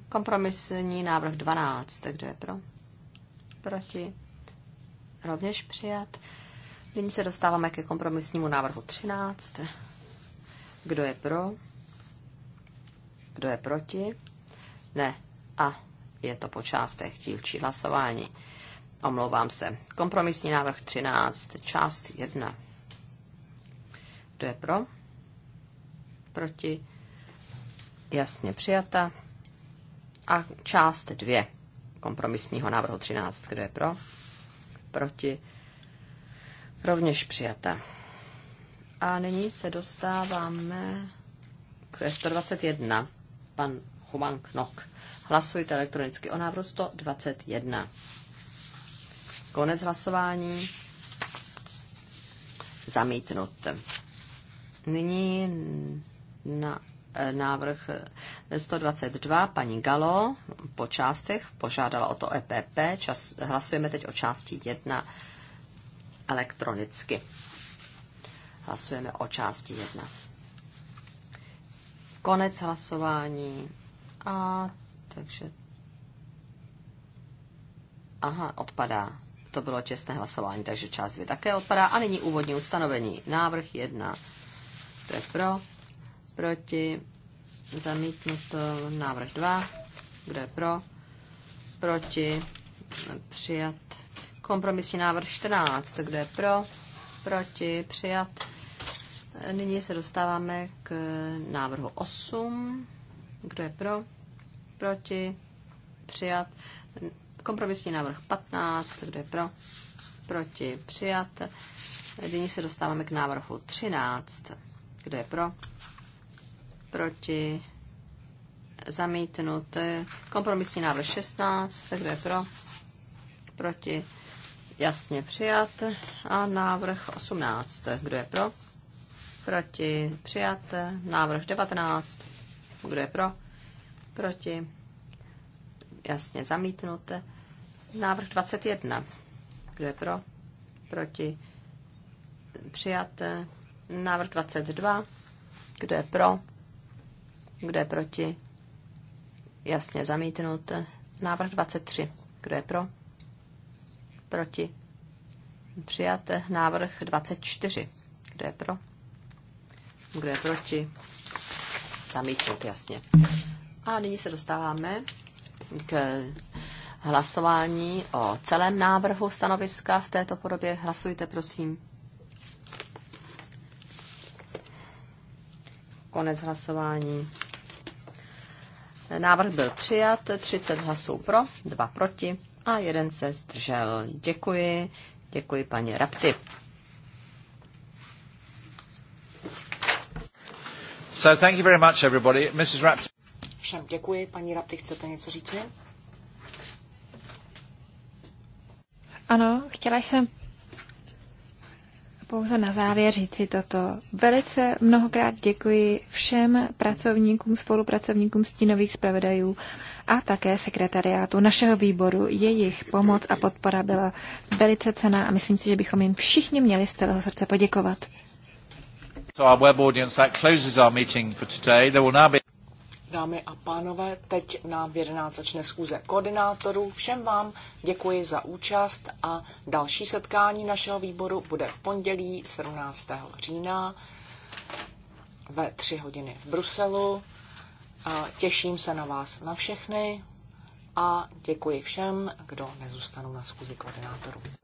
Kompromisní návrh 12, kdo je pro? proti, rovněž přijat. Nyní se dostáváme ke kompromisnímu návrhu 13. Kdo je pro? Kdo je proti? Ne. A je to po částech dílčí hlasování. Omlouvám se. Kompromisní návrh 13, část 1. Kdo je pro? Proti? Jasně přijata. A část 2 kompromisního návrhu 13. Kdo je pro? Proti? Rovněž přijata. A nyní se dostáváme k 121. Pan Human Knok. Hlasujte elektronicky o návrhu 121. Konec hlasování. Zamítnut. Nyní na návrh 122, paní Galo, po částech, požádala o to EPP, čas, hlasujeme teď o části 1 elektronicky. Hlasujeme o části 1. Konec hlasování. A takže... Aha, odpadá. To bylo čestné hlasování, takže část 2 také odpadá. A nyní úvodní ustanovení. Návrh 1. To je pro proti, zamítnuto. Návrh 2, kdo je pro, proti, přijat. Kompromisní návrh 14, kdo je pro, proti, přijat. Nyní se dostáváme k návrhu 8. Kdo je pro? Proti? Přijat. Kompromisní návrh 15. Kdo je pro? Proti? Přijat. Nyní se dostáváme k návrhu 13. Kdo je pro? proti, zamítnut. Kompromisní návrh 16, kdo je pro, proti, jasně přijat. A návrh 18, kdo je pro, proti, přijat. Návrh 19, kdo je pro, proti, jasně zamítnut. Návrh 21, kdo je pro, proti, přijat. Návrh 22, kdo je pro, kdo je proti? Jasně zamítnut. Návrh 23. Kdo je pro? Proti? Přijat. Návrh 24. Kdo je pro? Kdo je proti? Zamítnout, jasně. A nyní se dostáváme k hlasování o celém návrhu stanoviska v této podobě. Hlasujte, prosím. Konec hlasování. Návrh byl přijat, 30 hlasů pro, 2 proti a jeden se zdržel. Děkuji, děkuji paní Rapti. So thank you very much everybody. Mrs. Rapti. Všem děkuji. Paní Rapti, chcete něco říct? Ano, chtěla jsem pouze na závěr říci toto. Velice mnohokrát děkuji všem pracovníkům, spolupracovníkům stínových zpravodajů a také sekretariátu našeho výboru. Jejich pomoc a podpora byla velice cená a myslím si, že bychom jim všichni měli z celého srdce poděkovat. So our web audience, that closes our meeting for today. There will now be... Dámy a pánové, teď nám v 11 začne schůze koordinátorů. Všem vám děkuji za účast a další setkání našeho výboru bude v pondělí 17. října ve 3 hodiny v Bruselu. Těším se na vás na všechny a děkuji všem, kdo nezůstanou na schůzi koordinátorů.